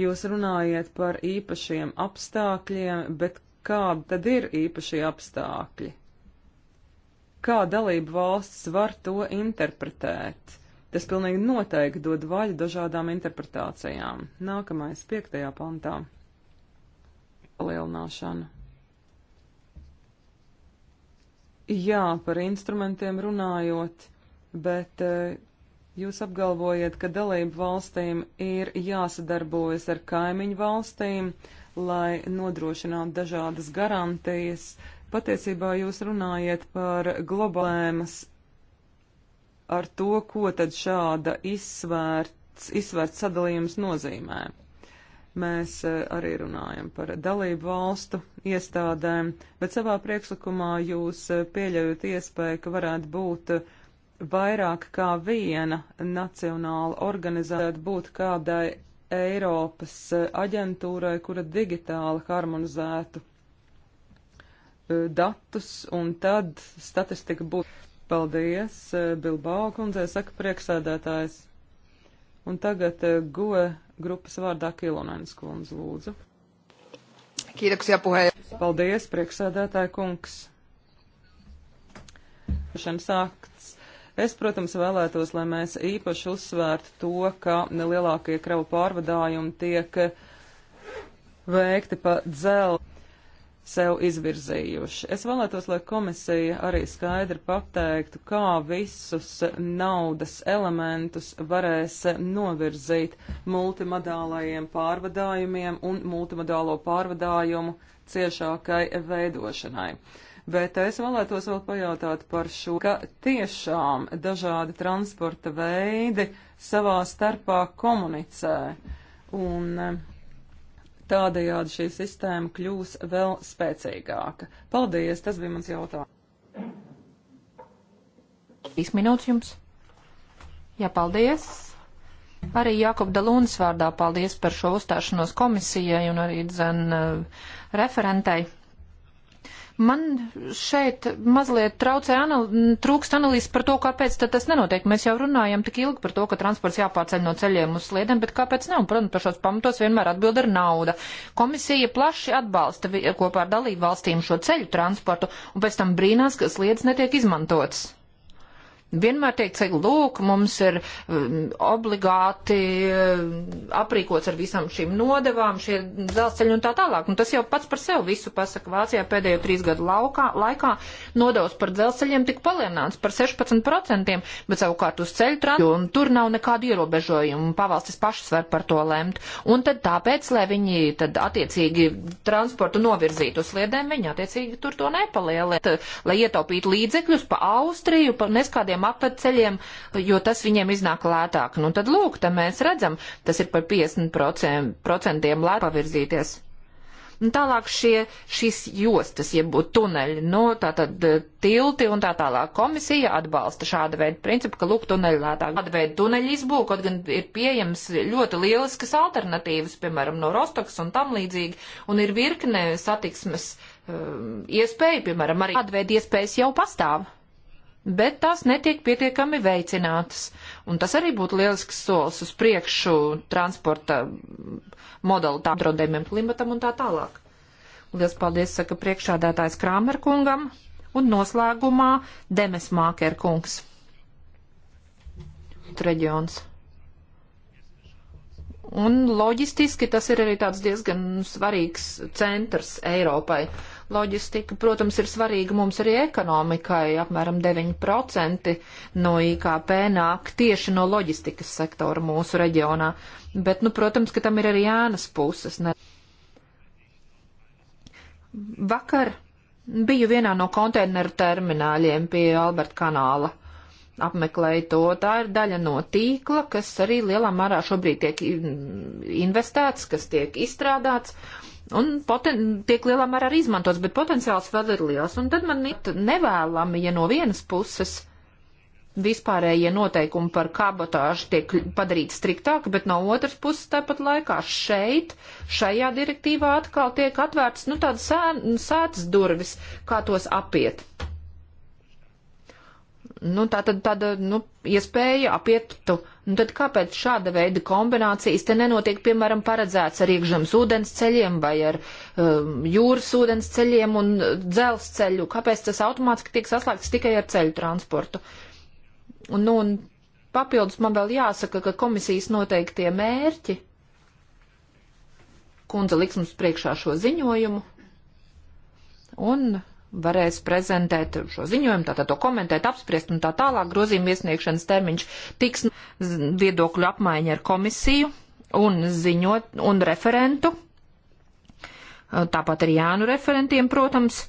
Jūs runājat par īpašiem apstākļiem, bet kādi tad ir īpašie apstākļi? Kā dalība valsts var to interpretēt? Tas pilnīgi noteikti dod vaļu dažādām interpretācijām. Nākamais, piektajā pantā - palielināšana. Jā, par instrumentiem runājot, bet eh, Jūs apgalvojat, ka dalību valstīm ir jāsadarbojas ar kaimiņu valstīm, lai nodrošinātu dažādas garantijas. Patiesībā jūs runājat par globālēmas ar to, ko tad šāda izsvērts, izsvērts sadalījums nozīmē. Mēs eh, arī runājam par dalību valstu iestādēm, bet savā priekšlikumā jūs eh, pieļaujat iespēju, ka varētu būt uh, vairāk kā viena nacionāla organizēta būtu kādai Eiropas aģentūrai, kura digitāli harmonizētu e, datus, un tad statistika būtu. Paldies, e, Bilbao kundzē, saka prieksēdētājs. Un tagad GUE grupas vārdā Kilonēnas kundze lūdzu. Kiitoksia puheenjohtaja. Paldies, prieksēdētāja kungs. Šodien sākts Es, protams, vēlētos, lai mēs īpaši uzsvērtu to, ka nelielākie kravu pārvadājumi tiek veikti pa dzelu sev izvirzījuši. Es vēlētos, lai komisija arī skaidri pateiktu, kā visus naudas elementus varēs novirzīt multimodālajiem pārvadājumiem un multimodālo pārvadājumu ciešākai veidošanai. Uh, bet es vēlētos vēl pajautāt par šo, ka tiešām dažādi transporta veidi savā starpā komunicē, un e, tādējādi šī sistēma kļūs vēl spēcīgāka. Paldies, tas bija mans jautājums. Trīs minūtes jums. Jā, paldies. Arī Jākob Dalūnas vārdā paldies par šo uzstāšanos komisijai un arī dzen e, referentei. Man šeit mazliet traucē anal trūkst analīzes par to, kāpēc tas nenotiek. Mēs jau runājam tik ilgi par to, ka transports jāpārceļ no ceļiem uz sliedēm, bet kāpēc nav? Protams, par šos pamatos vienmēr atbild ar nauda. Komisija plaši atbalsta kopā ar dalību valstīm šo ceļu transportu, un pēc tam brīnās, ka sliedes netiek izmantotas. Vienmēr teikt, ka lūk, mums ir um, obligāti um, aprīkots ar visām šīm nodevām, šie dzelzceļi un tā tālāk. Un tas jau pats par sevi visu pasaka Vācijā pēdējo trīs gadu laukā, laikā nodevs par dzelzceļiem tika palielināts par 16%, bet savukārt uz ceļu transportu tur nav nekādu ierobežojumu. Pavalstis pašas var par to lemt. Un tad tāpēc, lai viņi tad attiecīgi transportu novirzītu uz sliedēm, viņi attiecīgi tur to nepalielē, lai ietaupītu līdzekļus pa Austriju, pa neskādiem lieliem apceļiem, jo tas viņiem iznāk lētāk. Nu tad lūk, tā mēs redzam, tas ir par 50% lētāk pavirzīties. Un nu, tālāk šie, šīs jostas, jeb tuneļi, nu, tā tad eh, tilti un tā tālāk komisija atbalsta šāda veida principu, ka lūk, tuneļi lētāk. Tāda veida tuneļi izbūk, kaut gan ir pieejams ļoti lieliskas alternatīvas, piemēram, no Rostoks un tam līdzīgi, un ir virkne satiksmes um, iespēju, piemēram, arī atveid iespējas jau pastāv bet tās netiek pietiekami veicinātas. Un tas arī būtu lielisks solis uz priekšu transporta modalitātām, draudējumiem klimatam un tā tālāk. Lielas paldies, saka priekšādātājs Krāmer kungam un noslēgumā Demes Māker kungs. Reģions. Un loģistiski tas ir arī tāds diezgan svarīgs centrs Eiropai. Uh, Loģistika, protams, ir svarīga mums arī ekonomikai. Apmēram 9% no IKP nāk tieši no loģistikas sektora mūsu reģionā. Bet, nu, protams, ka tam ir arī ēnas puses. Ne? Vakar biju vienā no konteineru termināļiem pie Alberta kanāla apmeklēju to. Tā ir daļa no tīkla, kas arī lielā mērā šobrīd tiek investēts, kas tiek izstrādāts. Uh, un poten, tiek lielā mērā arī izmantots, bet potenciāls vēl ir liels. Un tad man ir nevēlami, ja no vienas puses vispārējie noteikumi par kabotāžu tiek padarīti striktāki, bet no otras puses tāpat laikā šeit, šajā direktīvā atkal tiek atvērts, nu, tādas sētas durvis, kā tos apiet. Nu, tā tad tāda nu, iespēja apiet. Nu, tad kāpēc šāda veida kombinācijas te nenotiek, piemēram, paredzēts ar iekšzemes ūdens ceļiem vai ar um, jūras ūdens ceļiem un dzelzceļu? Kāpēc tas automātiski tiek saslēgts tikai ar ceļu transportu? Un, nu, un papildus man vēl jāsaka, ka komisijas noteiktie mērķi kundze liks mums priekšā šo ziņojumu. Un varēs prezentēt šo ziņojumu, tātad to komentēt, apspriest un tā tālāk. Grozījuma iesniegšanas termiņš tiks viedokļu apmaiņa ar komisiju un ziņot un referentu, tāpat arī Jānu referentiem, protams,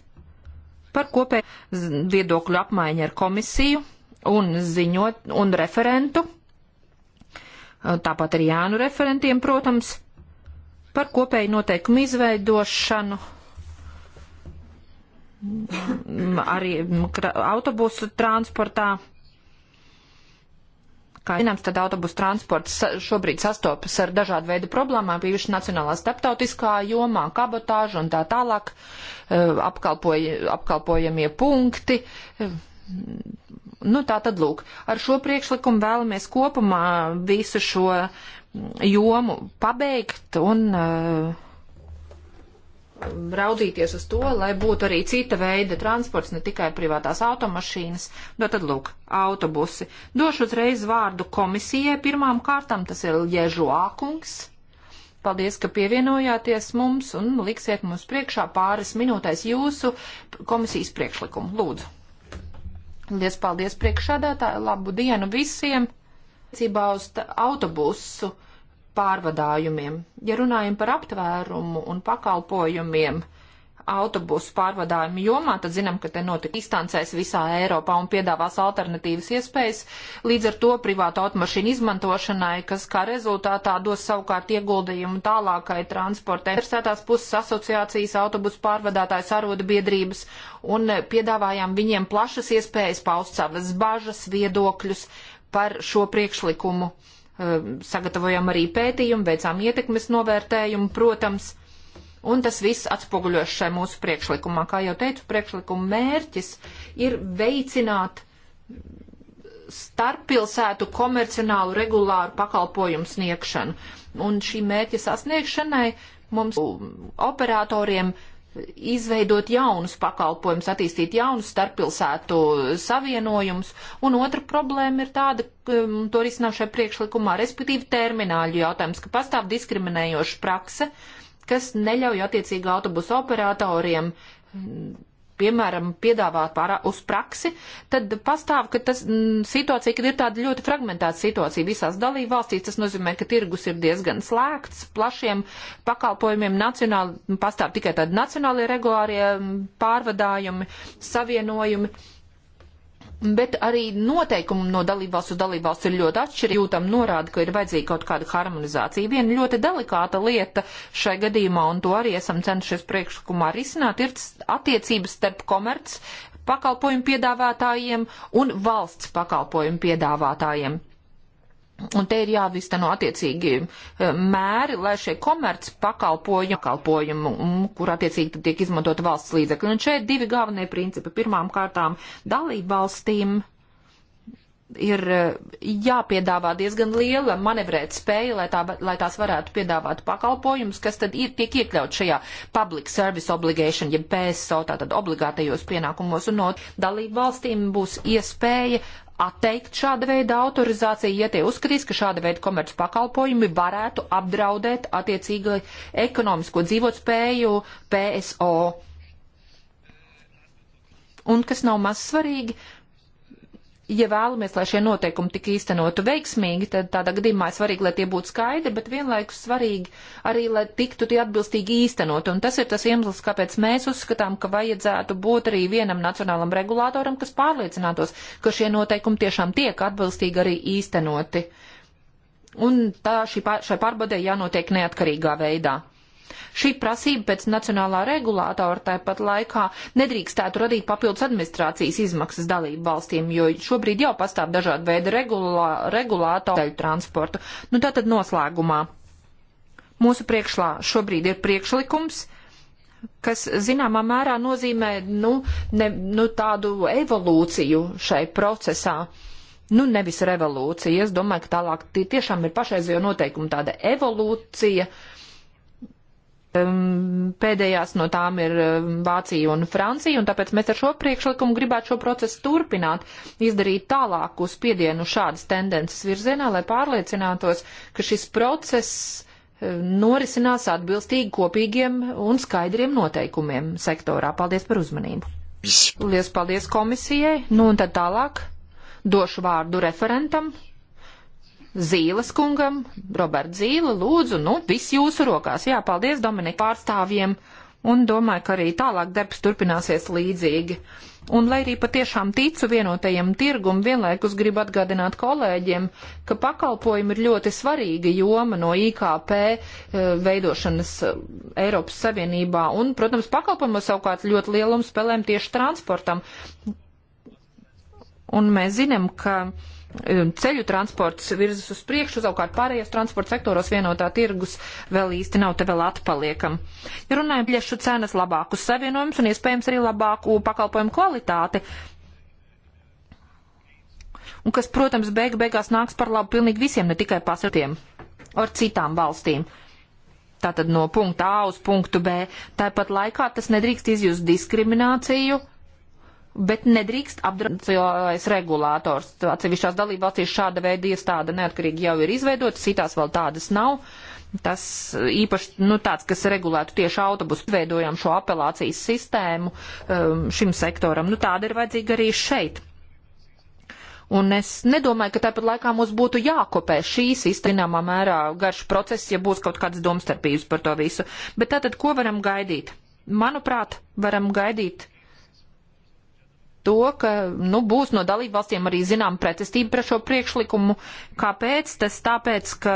par kopēju viedokļu apmaiņu ar komisiju un ziņot un referentu, tāpat arī Jānu referentiem, protams, par kopēju noteikumu izveidošanu Mm, arī mm, autobusu transportā. Kā zināms, tad autobusu transports šobrīd sastopas ar dažādu veidu problēmām, pīvišķi nacionālā starptautiskā jomā, kabotāžu un tā tālāk, e, apkalpoj, apkalpojamie punkti. E, nu, tā tad lūk, ar šo priekšlikumu vēlamies kopumā visu šo jomu pabeigt un uh, raudīties uz to, lai būtu arī cita veida transports, ne tikai privātās automašīnas, bet tad lūk, autobusi. Došu uzreiz vārdu komisijai pirmām kārtām, tas ir Ježuākungs. Paldies, ka pievienojāties mums un liksiet mums priekšā pāris minūtēs jūsu komisijas priekšlikumu. Lūdzu. Lies paldies priekšādātāju, labu dienu visiem. Cībā uz autobusu uh, pārvadājumiem. Ja runājam par aptvērumu un pakalpojumiem autobusu pārvadājumu jomā, tad zinām, ka te notika distancēs visā Eiropā un piedāvās alternatīvas iespējas līdz ar to privātu automašīnu izmantošanai, kas kā rezultātā dos savukārt ieguldījumu tālākai transporta interesētās puses asociācijas autobusu pārvadātājs arodu biedrības un piedāvājām viņiem plašas iespējas paust savas bažas, viedokļus par šo priekšlikumu Ehm, sagatavojām arī pētījumu, veicām ietekmes novērtējumu, protams, un tas viss atspoguļojas šai mūsu priekšlikumā. Kā jau teicu, priekšlikuma mērķis ir veicināt starppilsētu komercionālu regulāru pakalpojumu sniegšanu. Un šī mērķa sasniegšanai mums operatoriem izveidot jaunus pakalpojumus, attīstīt jaunus starppilsētu savienojumus, un otra problēma ir tāda, um, to risināšu šajā priekšlikumā, respektīvi termināļu jautājums, ka pastāv diskriminējoša prakse, kas neļauj attiecīgi autobusu operatoriem piemēram, piedāvāt pārā, uz praksi, tad pastāv, ka tas m, mm, situācija, kad ir tāda ļoti fragmentēta situācija visās dalību valstīs, tas nozīmē, ka tirgus ir diezgan slēgts, plašiem pakalpojumiem nacionāli, pastāv tikai tādi nacionālie regulārie mm, pārvadājumi, savienojumi Bet arī noteikumi no dalībvalsts uz dalībvalsts ir ļoti atšķirīgi. Jūtam norāda, ka ir vajadzīga kaut kāda harmonizācija. Viena ļoti delikāta lieta šai gadījumā, un to arī esam cenšies priekšlikumā risināt, ir attiecības starp komerc pakalpojumu piedāvātājiem un valsts pakalpojumu piedāvātājiem. Un te ir jāvisteno attiecīgi eh, mēri, lai šie komerci pakalpojumu, pakalpojumu kur attiecīgi tiek izmantot valsts līdzekļi. Un šeit divi galvenie principi. Pirmām kārtām dalību valstīm ir eh, jāpiedāvā diezgan liela manevrēt spēja, lai, tā, lai tās varētu piedāvāt pakalpojumus, kas tad ir, tiek iekļaut šajā public service obligation, ja PSO, tātad obligātajos pienākumos, un no dalību valstīm būs iespēja atteikt šāda veida autorizāciju, ja tie uzskatīs, ka šāda veida komerc pakalpojumi varētu apdraudēt attiecīgi ekonomisko dzīvotspēju PSO. Un kas nav maz svarīgi, ja vēlamies, lai šie noteikumi tik īstenotu veiksmīgi, tad tādā gadījumā ir svarīgi, lai tie būtu skaidri, bet vienlaikus svarīgi arī, lai tiktu tie atbilstīgi īstenot. Un tas ir tas iemesls, kāpēc mēs uzskatām, ka vajadzētu būt arī vienam nacionālam regulātoram, kas pārliecinātos, ka šie noteikumi tiešām tiek atbilstīgi arī īstenoti. Un tā šī pār, šai pārbaudē jānotiek neatkarīgā veidā. Šī prasība pēc nacionālā regulātora tāpat laikā nedrīkstētu radīt papildus administrācijas izmaksas dalību valstīm, jo šobrīd jau pastāv dažādi veidi regulā, regulātoru ceļu transportu. Nu, tātad noslēgumā. Mūsu priekšlā šobrīd ir priekšlikums kas zināmā mērā nozīmē nu, ne, nu, tādu evolūciju šai procesā. Nu, nevis revolūcija. Es domāju, ka tālāk tie tiešām ir pašreizējo noteikumu tāda evolūcija. Uh, Um, pēdējās no tām ir um, Vācija un Francija, un tāpēc mēs ar šo priekšlikumu gribētu šo procesu turpināt, izdarīt tālāku spiedienu šādas tendences virzienā, lai pārliecinātos, ka šis process um, norisinās atbilstīgi kopīgiem un skaidriem noteikumiem sektorā. Paldies par uzmanību. Lies paldies komisijai. Nu un tad tālāk došu vārdu referentam Zīles kungam, Robert Zīle, lūdzu, nu, viss jūsu rokās. Jā, paldies Dominika pārstāvjiem un domāju, ka arī tālāk darbs turpināsies līdzīgi. Un, lai arī patiešām ticu vienotajam tirgum, vienlaikus gribu atgādināt kolēģiem, ka pakalpojumi ir ļoti svarīga joma no IKP eh, veidošanas eh, Eiropas Savienībā. Un, protams, pakalpojumos savukārt ļoti lielumu spēlēm tieši transportam. Un mēs zinām, ka ceļu transports virzas uz priekšu, savukārt pārējos transporta sektoros vienotā tirgus vēl īsti nav te vēl atpaliekam. Ja runājam biļešu cenas labākus savienojumus un iespējams arī labāku pakalpojumu kvalitāti, un kas, protams, beigu beigās nāks par labu pilnīgi visiem, ne tikai pasatiem ar citām valstīm. Tātad no punkta A uz punktu B. Tāpat laikā tas nedrīkst izjust diskrimināciju bet nedrīkst apdraudētais regulātors. Atsevišķās dalībvalstīs šāda veida iestāde neatkarīgi jau ir izveidota, citās vēl tādas nav. Tas īpaši nu, tāds, kas regulētu tieši autobusu, veidojam šo apelācijas sistēmu um, šim sektoram. Nu, tāda ir vajadzīga arī šeit. Un es nedomāju, ka tāpat laikā mums būtu jākopē šīs izcināmā mērā garš process, ja būs kaut kādas domstarpības par to visu. Bet tātad, ko varam gaidīt? Manuprāt, varam gaidīt to, ka nu, būs no dalībvalstiem arī zinām pretestība pret šo priekšlikumu. Kāpēc? Tas tāpēc, ka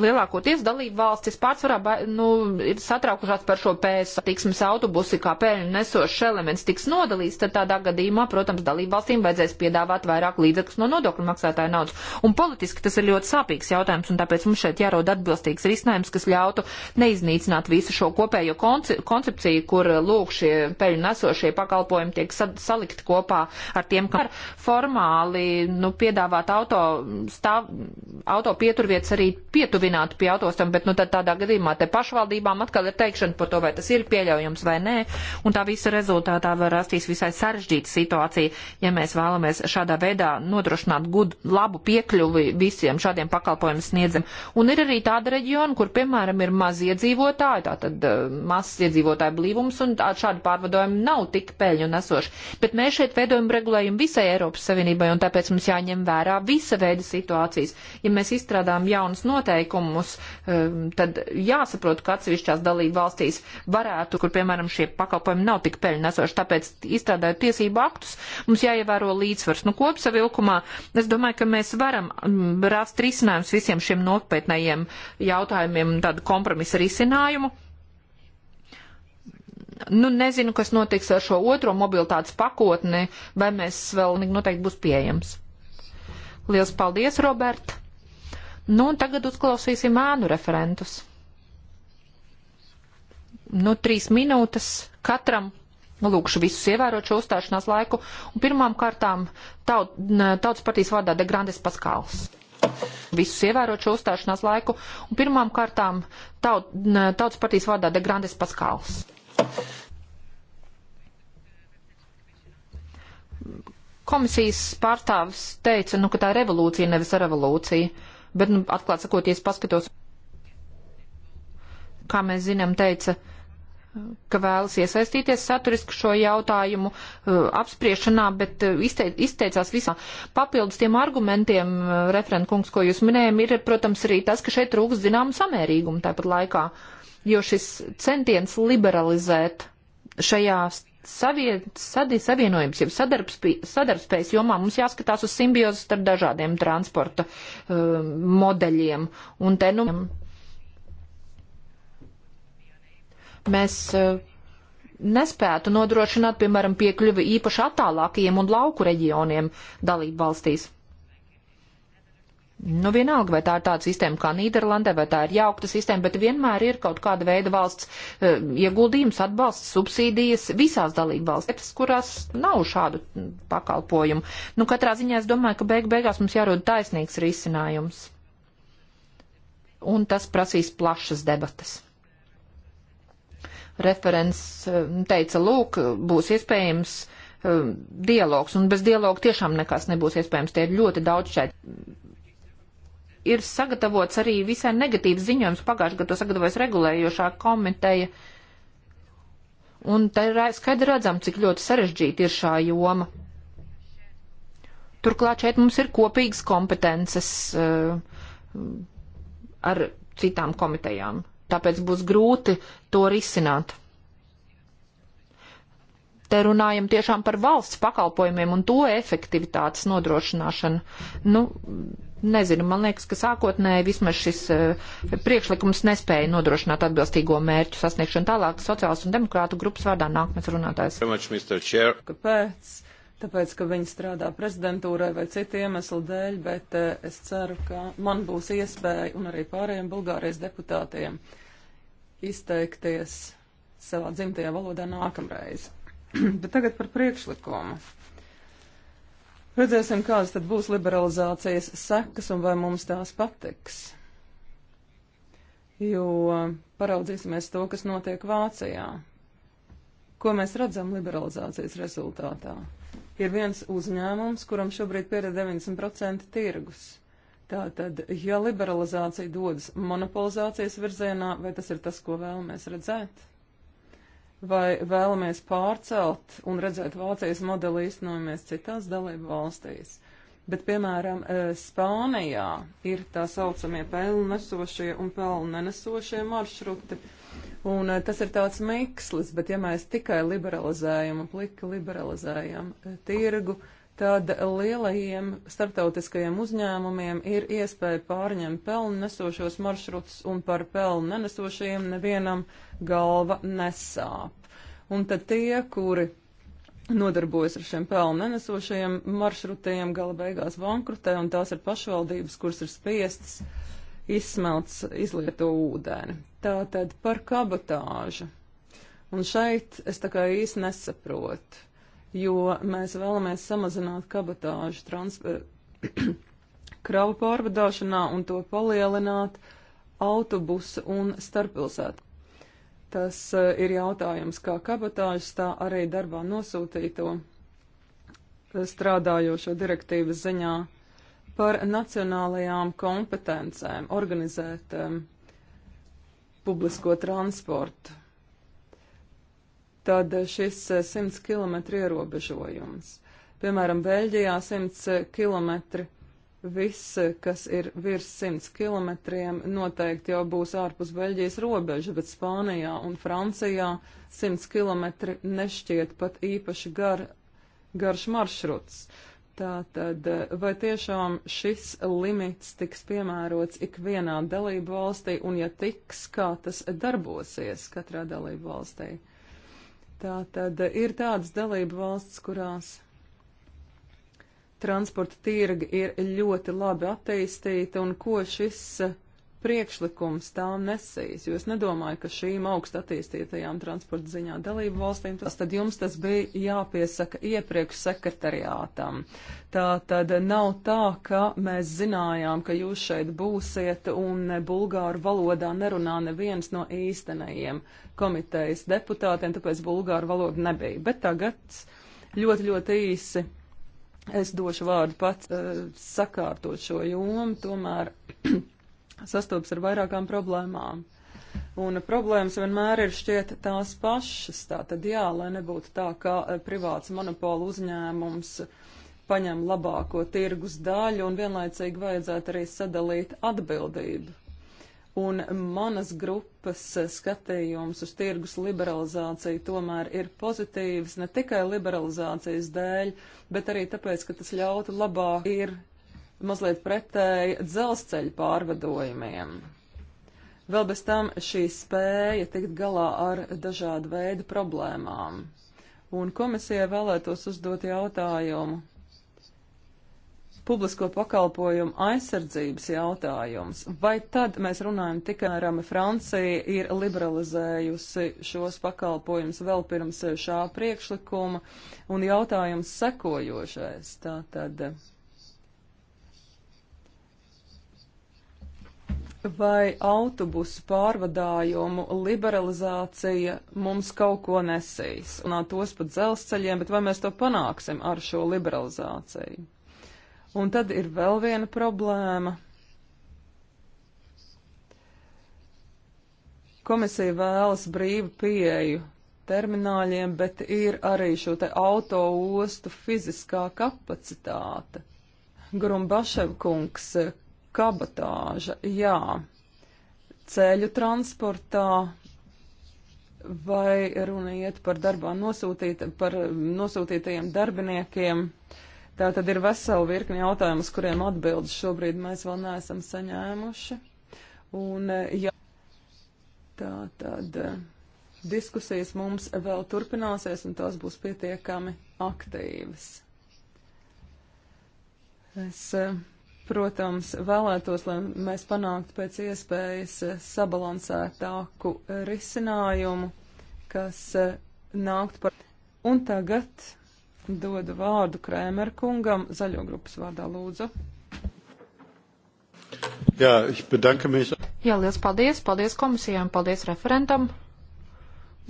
lielākoties dalībvalstis pārsvarā nu, ir satraukušās par šo PS satiksmes autobusi, kā pēļņu nesošs elements tiks nodalīts, tad tādā gadījumā, protams, dalībvalstīm vajadzēs piedāvāt vairāk līdzekļus no nodokļu maksātāja naudas. Un politiski tas ir ļoti sāpīgs jautājums, un tāpēc mums šeit jārod atbilstīgs risinājums, kas ļautu neiznīcināt visu šo kopējo koncepciju, kur lūk šie pēļņu nesošie pakalpojumi tiek salikt kopā kopā ar tiem, kā formāli nu, piedāvāt auto, stāv, auto pieturvietas arī pietuvināt pie autostam, bet nu, tad tādā gadījumā te pašvaldībām atkal ir teikšana par to, vai tas ir pieļaujams vai nē, un tā visa rezultātā var rasties visai sarežģīta situācija, ja mēs vēlamies šādā veidā nodrošināt gudu, labu piekļuvi visiem šādiem pakalpojumu sniedzam. Un ir arī tāda reģiona, kur, piemēram, ir maziedzīvotāji, tātad eh, mazs iedzīvotāju blīvums, un šādi pārvadojumi nav tik peļņu nesoši. Bet mēs šeit veidojam regulējumu visai Eiropas Savienībai, un tāpēc mums jāņem vērā visa veida situācijas. Ja mēs izstrādājam jaunus noteikumus, um, tad jāsaprot, ka atsevišķās dalība valstīs varētu, kur, piemēram, šie pakalpojumi nav tik peļņesoši, tāpēc izstrādājot tiesību aktus, mums jāievēro līdzsvars. Nu, kopsavilkumā es domāju, ka mēs varam um, rast risinājums visiem šiem nopietnējiem jautājumiem, tādu kompromisu risinājumu nu, nezinu, kas notiks ar šo otro mobilitātes pakotni, vai mēs vēl noteikti būs pieejams. Lielas paldies, Robert! Nu, un tagad uzklausīsim ēnu referentus. Nu, trīs minūtes katram. Nu, Lūkšu visus ievērot šo uzstāšanās laiku. Un pirmām kārtām taut, tautas partijas vārdā De Grandes Paskāls. Visus ievērot šo uzstāšanās laiku. Un pirmām kārtām taut, tautas partijas vārdā De Grandes Paskāls. Komisijas pārstāvis teica, nu, ka tā ir revolūcija, nevis revolūcija, bet, nu, atklāt sakoties, paskatos, kā mēs zinām, teica, ka vēlas iesaistīties saturiski šo jautājumu uh, apspriešanā, bet uh, izteic, izteicās visā. Papildus tiem argumentiem, uh, referentkungs, ko jūs minējam, ir, protams, arī tas, ka šeit trūks zināmu samērīgumu tāpat laikā. Uh, jo šis centiens liberalizēt šajā savie, sadi, savienojums, jau sadarbspējas jomā mums jāskatās uz simbiozi starp dažādiem transporta uh, modeļiem. Un te nu mēs uh, nespētu nodrošināt, piemēram, piekļuvi īpaši attālākajiem un lauku reģioniem dalību valstīs. Nu, vienalga, vai tā ir tāda sistēma kā Nīderlandē, vai tā ir jaukta sistēma, bet vienmēr ir kaut kāda veida valsts uh, ieguldījums, atbalsts, subsīdijas visās dalībvalstīs, kurās nav šādu mm, pakalpojumu. Nu, katrā ziņā es domāju, ka beig beigās mums jārod taisnīgs risinājums. Un tas prasīs plašas debatas referents eh, teica, lūk, būs iespējams eh, dialogs, un bez dialoga tiešām nekas nebūs iespējams. Tie ir ļoti daudz šeit ir sagatavots arī visai negatīvs ziņojums. Pagājušajā gadā to sagatavojas regulējošā komiteja. Un te ir skaidri redzam, cik ļoti sarežģīta ir šā joma. Turklāt šeit mums ir kopīgas kompetences uh, ar citām komitejām, tāpēc būs grūti to risināt. Te runājam tiešām par valsts pakalpojumiem un to efektivitātes nodrošināšanu. Nu, nezinu, man liekas, ka sākotnēji vismaz šis eh, priekšlikums nespēja nodrošināt atbilstīgo mērķu sasniegšanu. Tālāk sociāls un demokrātu grupas vārdā nākamais runātājs. Kāpēc? Tāpēc, ka viņi strādā prezidentūrai vai citu iemeslu dēļ, bet eh, es ceru, ka man būs iespēja un arī pārējiem Bulgārijas deputātiem izteikties savā dzimtajā valodā nākamreiz. *clears throat* bet tagad par priekšlikumu. Redzēsim, kādas tad būs liberalizācijas sekas un vai mums tās patiks. Jo paraudzīsimies to, kas notiek Vācijā. Ko mēs redzam liberalizācijas rezultātā? Ir viens uzņēmums, kuram šobrīd pieder 90% tirgus. Tātad, ja liberalizācija dodas monopolizācijas virzienā, vai tas ir tas, ko vēlamies redzēt? vai vēlamies pārcelt un redzēt Vācijas modeli īstenojamies citās dalību valstīs. Bet, piemēram, e, Spānijā ir tā saucamie pelnu nesošie un pelnu nenesošie maršruti. Un e, tas ir tāds mikslis, bet ja mēs tikai liberalizējam un plika liberalizējam e, tirgu, tad lielajiem starptautiskajiem uzņēmumiem ir iespēja pārņemt pelnu nesošos maršrutus un par pelnu nenesošajiem nevienam uh, galva nesāp. Un tad tie, kuri nodarbojas ar šiem pelnu nenesošajiem maršrutiem, gala beigās bankrutē, un tās ir pašvaldības, kuras ir spiestas izsmelts izlieto ūdeni. Tā tad par kabatāžu. Un šeit es tā kā īsti nesaprotu, jo mēs vēlamies samazināt kabatāžu transfer... *clears throat* kravu pārvadāšanā un to palielināt autobusu un starppilsētu Tas eh, ir jautājums kā kabatāžas, tā arī darbā nosūtīto eh, strādājošo direktīvas ziņā par nacionālajām kompetencēm organizēt um, publisko transportu. Tad šis 100 km ierobežojums. Piemēram, Beļģijā 100 km viss, kas ir virs 100 kilometriem, noteikti jau būs ārpus Beļģijas robeža, bet Spānijā un Francijā 100 kilometri nešķiet pat īpaši gar, garš maršruts. Tātad, vai tiešām šis limits tiks piemērots ikvienā dalību valstī, un ja tiks, kā tas darbosies katrā dalību valstī? Tātad, ir tādas dalību valsts, kurās transporta tirgi ir ļoti labi attīstīti un ko šis eh, priekšlikums tām nesīs, jo es nedomāju, ka šīm augst attīstītajām transporta ziņā dalību valstīm, tas tad jums tas bija jāpiesaka iepriekš sekretariātam. Tā tad nav tā, ka mēs zinājām, ka jūs šeit būsiet un bulgāru valodā nerunā neviens no īstenajiem komitejas deputātiem, tāpēc bulgāru valoda nebija. Bet tagad ļoti, ļoti īsi Es došu vārdu pats eh, sakārtot šo jomu, tomēr *clears throat* sastopas ar vairākām problēmām. Un problēmas vienmēr ir šķiet tās pašas. Tā tad jā, lai nebūtu tā, ka eh, privāts monopola uzņēmums paņem labāko tirgus daļu un vienlaicīgi vajadzētu arī sadalīt atbildību un manas grupas skatījums uz tirgus liberalizāciju tomēr ir pozitīvs ne tikai liberalizācijas dēļ, bet arī tāpēc, ka tas ļautu labāk ir mazliet pretēji dzelzceļa pārvadojumiem. Vēl bez tam šī spēja tikt galā ar dažādu veidu problēmām. Un komisijai vēlētos uzdot jautājumu, publisko pakalpojumu aizsardzības jautājums. Vai tad mēs runājam tikai, piemēram, Francija ir liberalizējusi šos pakalpojumus vēl pirms šā priekšlikuma, un jautājums sekojošais. Tātad, vai autobusu pārvadājumu liberalizācija mums kaut ko nesīs, un tos pat dzelzceļiem, bet vai mēs to panāksim ar šo liberalizāciju? Un tad ir vēl viena problēma. Komisija vēlas brīvu pieeju termināļiem, bet ir arī šo te auto ostu fiziskā kapacitāte. Grumbaševkungs, eh, kabatāža, jā, ceļu transportā vai runa iet par darbā nosūtīt, par nosūtītajiem darbiniekiem. Uh, Tā tad ir vesela virkni jautājumu, uz kuriem atbildes šobrīd mēs vēl neesam saņēmuši. Un, eh, ja tā tad eh, diskusijas mums vēl turpināsies un tās būs pietiekami aktīvas. Es, eh, protams, vēlētos, lai mēs panāktu pēc iespējas sabalansētāku risinājumu, kas nākt par. Un tagad dodu vārdu Krēmer kungam, zaļo grupas vārdā lūdzu. Jā, Jā, liels paldies, paldies komisijām, paldies referentam.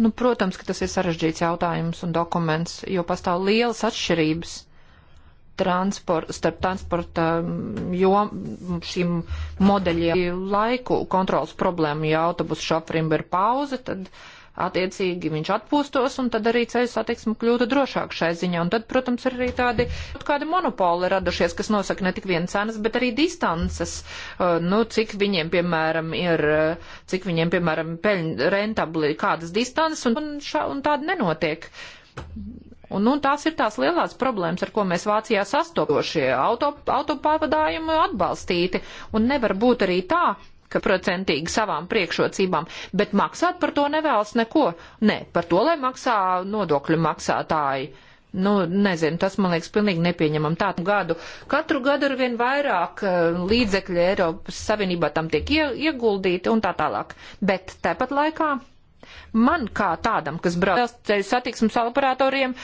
Nu, protams, ka tas ir sarežģīts jautājums un dokuments, jo pastāv lielas atšķirības transport, starp transporta mm, jom, mm, šīm modeļiem. Laiku kontrols problēmu, ja autobusu šoferim ir pauze, tad uh, attiecīgi viņš atpūstos un tad arī ceļu satiksme kļūtu drošāk šai ziņā. Un tad, protams, ir arī tādi kādi monopoli radušies, kas nosaka ne tik vien cenas, bet arī distances, uh, nu, cik viņiem, piemēram, ir, uh, cik viņiem, piemēram, peļņ rentabli kādas distances un, un, šā, un tāda nenotiek. Un, nu, tās ir tās lielās problēmas, ar ko mēs Vācijā sastopošie auto, autopavadājumi atbalstīti. Un nevar būt arī tā, ka procentīgi savām priekšrocībām, bet maksāt par to nevēlas neko. Nē, par to, lai maksā nodokļu maksātāji. Nu, nezinu, tas man liekas pilnīgi nepieņemam tādu gadu. Katru gadu ar vien vairāk eh, līdzekļu Eiropas Savienībā tam tiek ieguldīti un tā tālāk. Bet tāpat laikā man kā tādam, kas brauc satiksmes operatoriem,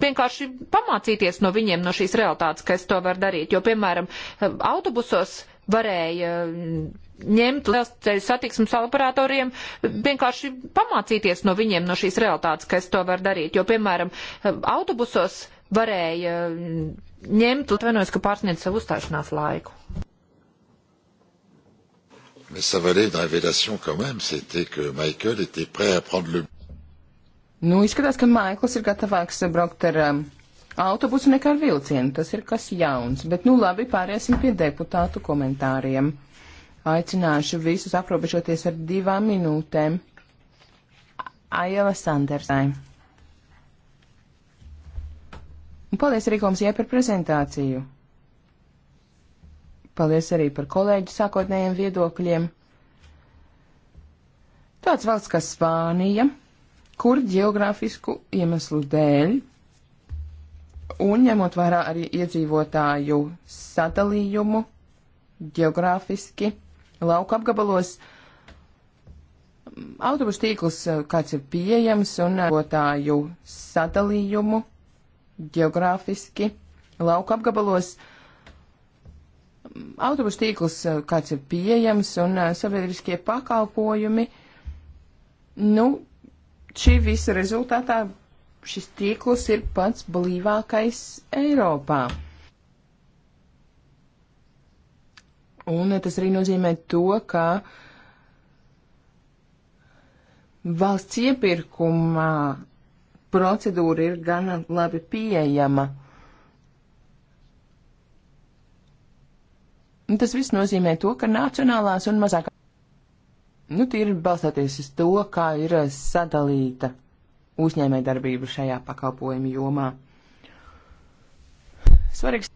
vienkārši pamācīties no viņiem, no šīs realitātes, ka es to varu darīt. Jo, piemēram, eh, autobusos varēja mm, ņemt lielceļu satiksmes operatoriem, vienkārši pamācīties no viņiem, no šīs realitātes, kas to var darīt. Jo, piemēram, autobusos varēja ņemt, atvainojos, ka pārsniedz savu uzstāšanās laiku. Mais ça valait une révélation quand même, c'était que Michael était prêt à prendre le. Nu, izskatās, ka Maikls ir gatavāks braukt ar um, autobusu nekā ar vilcienu. Tas ir kas jauns. Bet, nu, labi, pāriesim pie deputātu komentāriem. Aicināšu visus aprobežoties ar divām minūtēm. Aiela Sandersai. Un paldies arī komisijai par prezentāciju. Paldies arī par kolēģu sākotnējiem viedokļiem. Tāds valsts kā Spānija, kur geogrāfisku iemeslu dēļ un ņemot vērā arī iedzīvotāju sadalījumu geogrāfiski lauku apgabalos autobusu tīkls, eh, kāds ir pieejams, un lietotāju eh, sadalījumu geogrāfiski lauku apgabalos. Autobusu tīkls, eh, kāds ir pieejams, un sabiedriskie pakalpojumi. Nu, šī visa rezultātā šis tīkls ir pats blīvākais Eiropā. Un tas arī nozīmē to, ka valsts iepirkumā procedūra ir gana labi pieejama. Un tas viss nozīmē to, ka nacionālās un mazākās. Nu, tie ir balstoties uz to, kā ir sadalīta uzņēmē darbība šajā pakalpojumu jomā. Svarīgs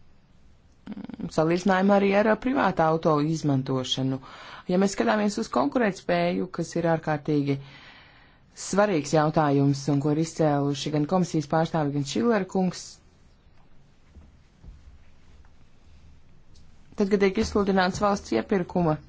salīdzinājumā arī ar privātā auto izmantošanu. Ja mēs skatāmies uz konkurētspēju, kas ir ārkārtīgi svarīgs jautājums un ko ir izcēluši gan komisijas pārstāvi, gan Šilera kungs, tad, kad tiek izsludināts valsts iepirkuma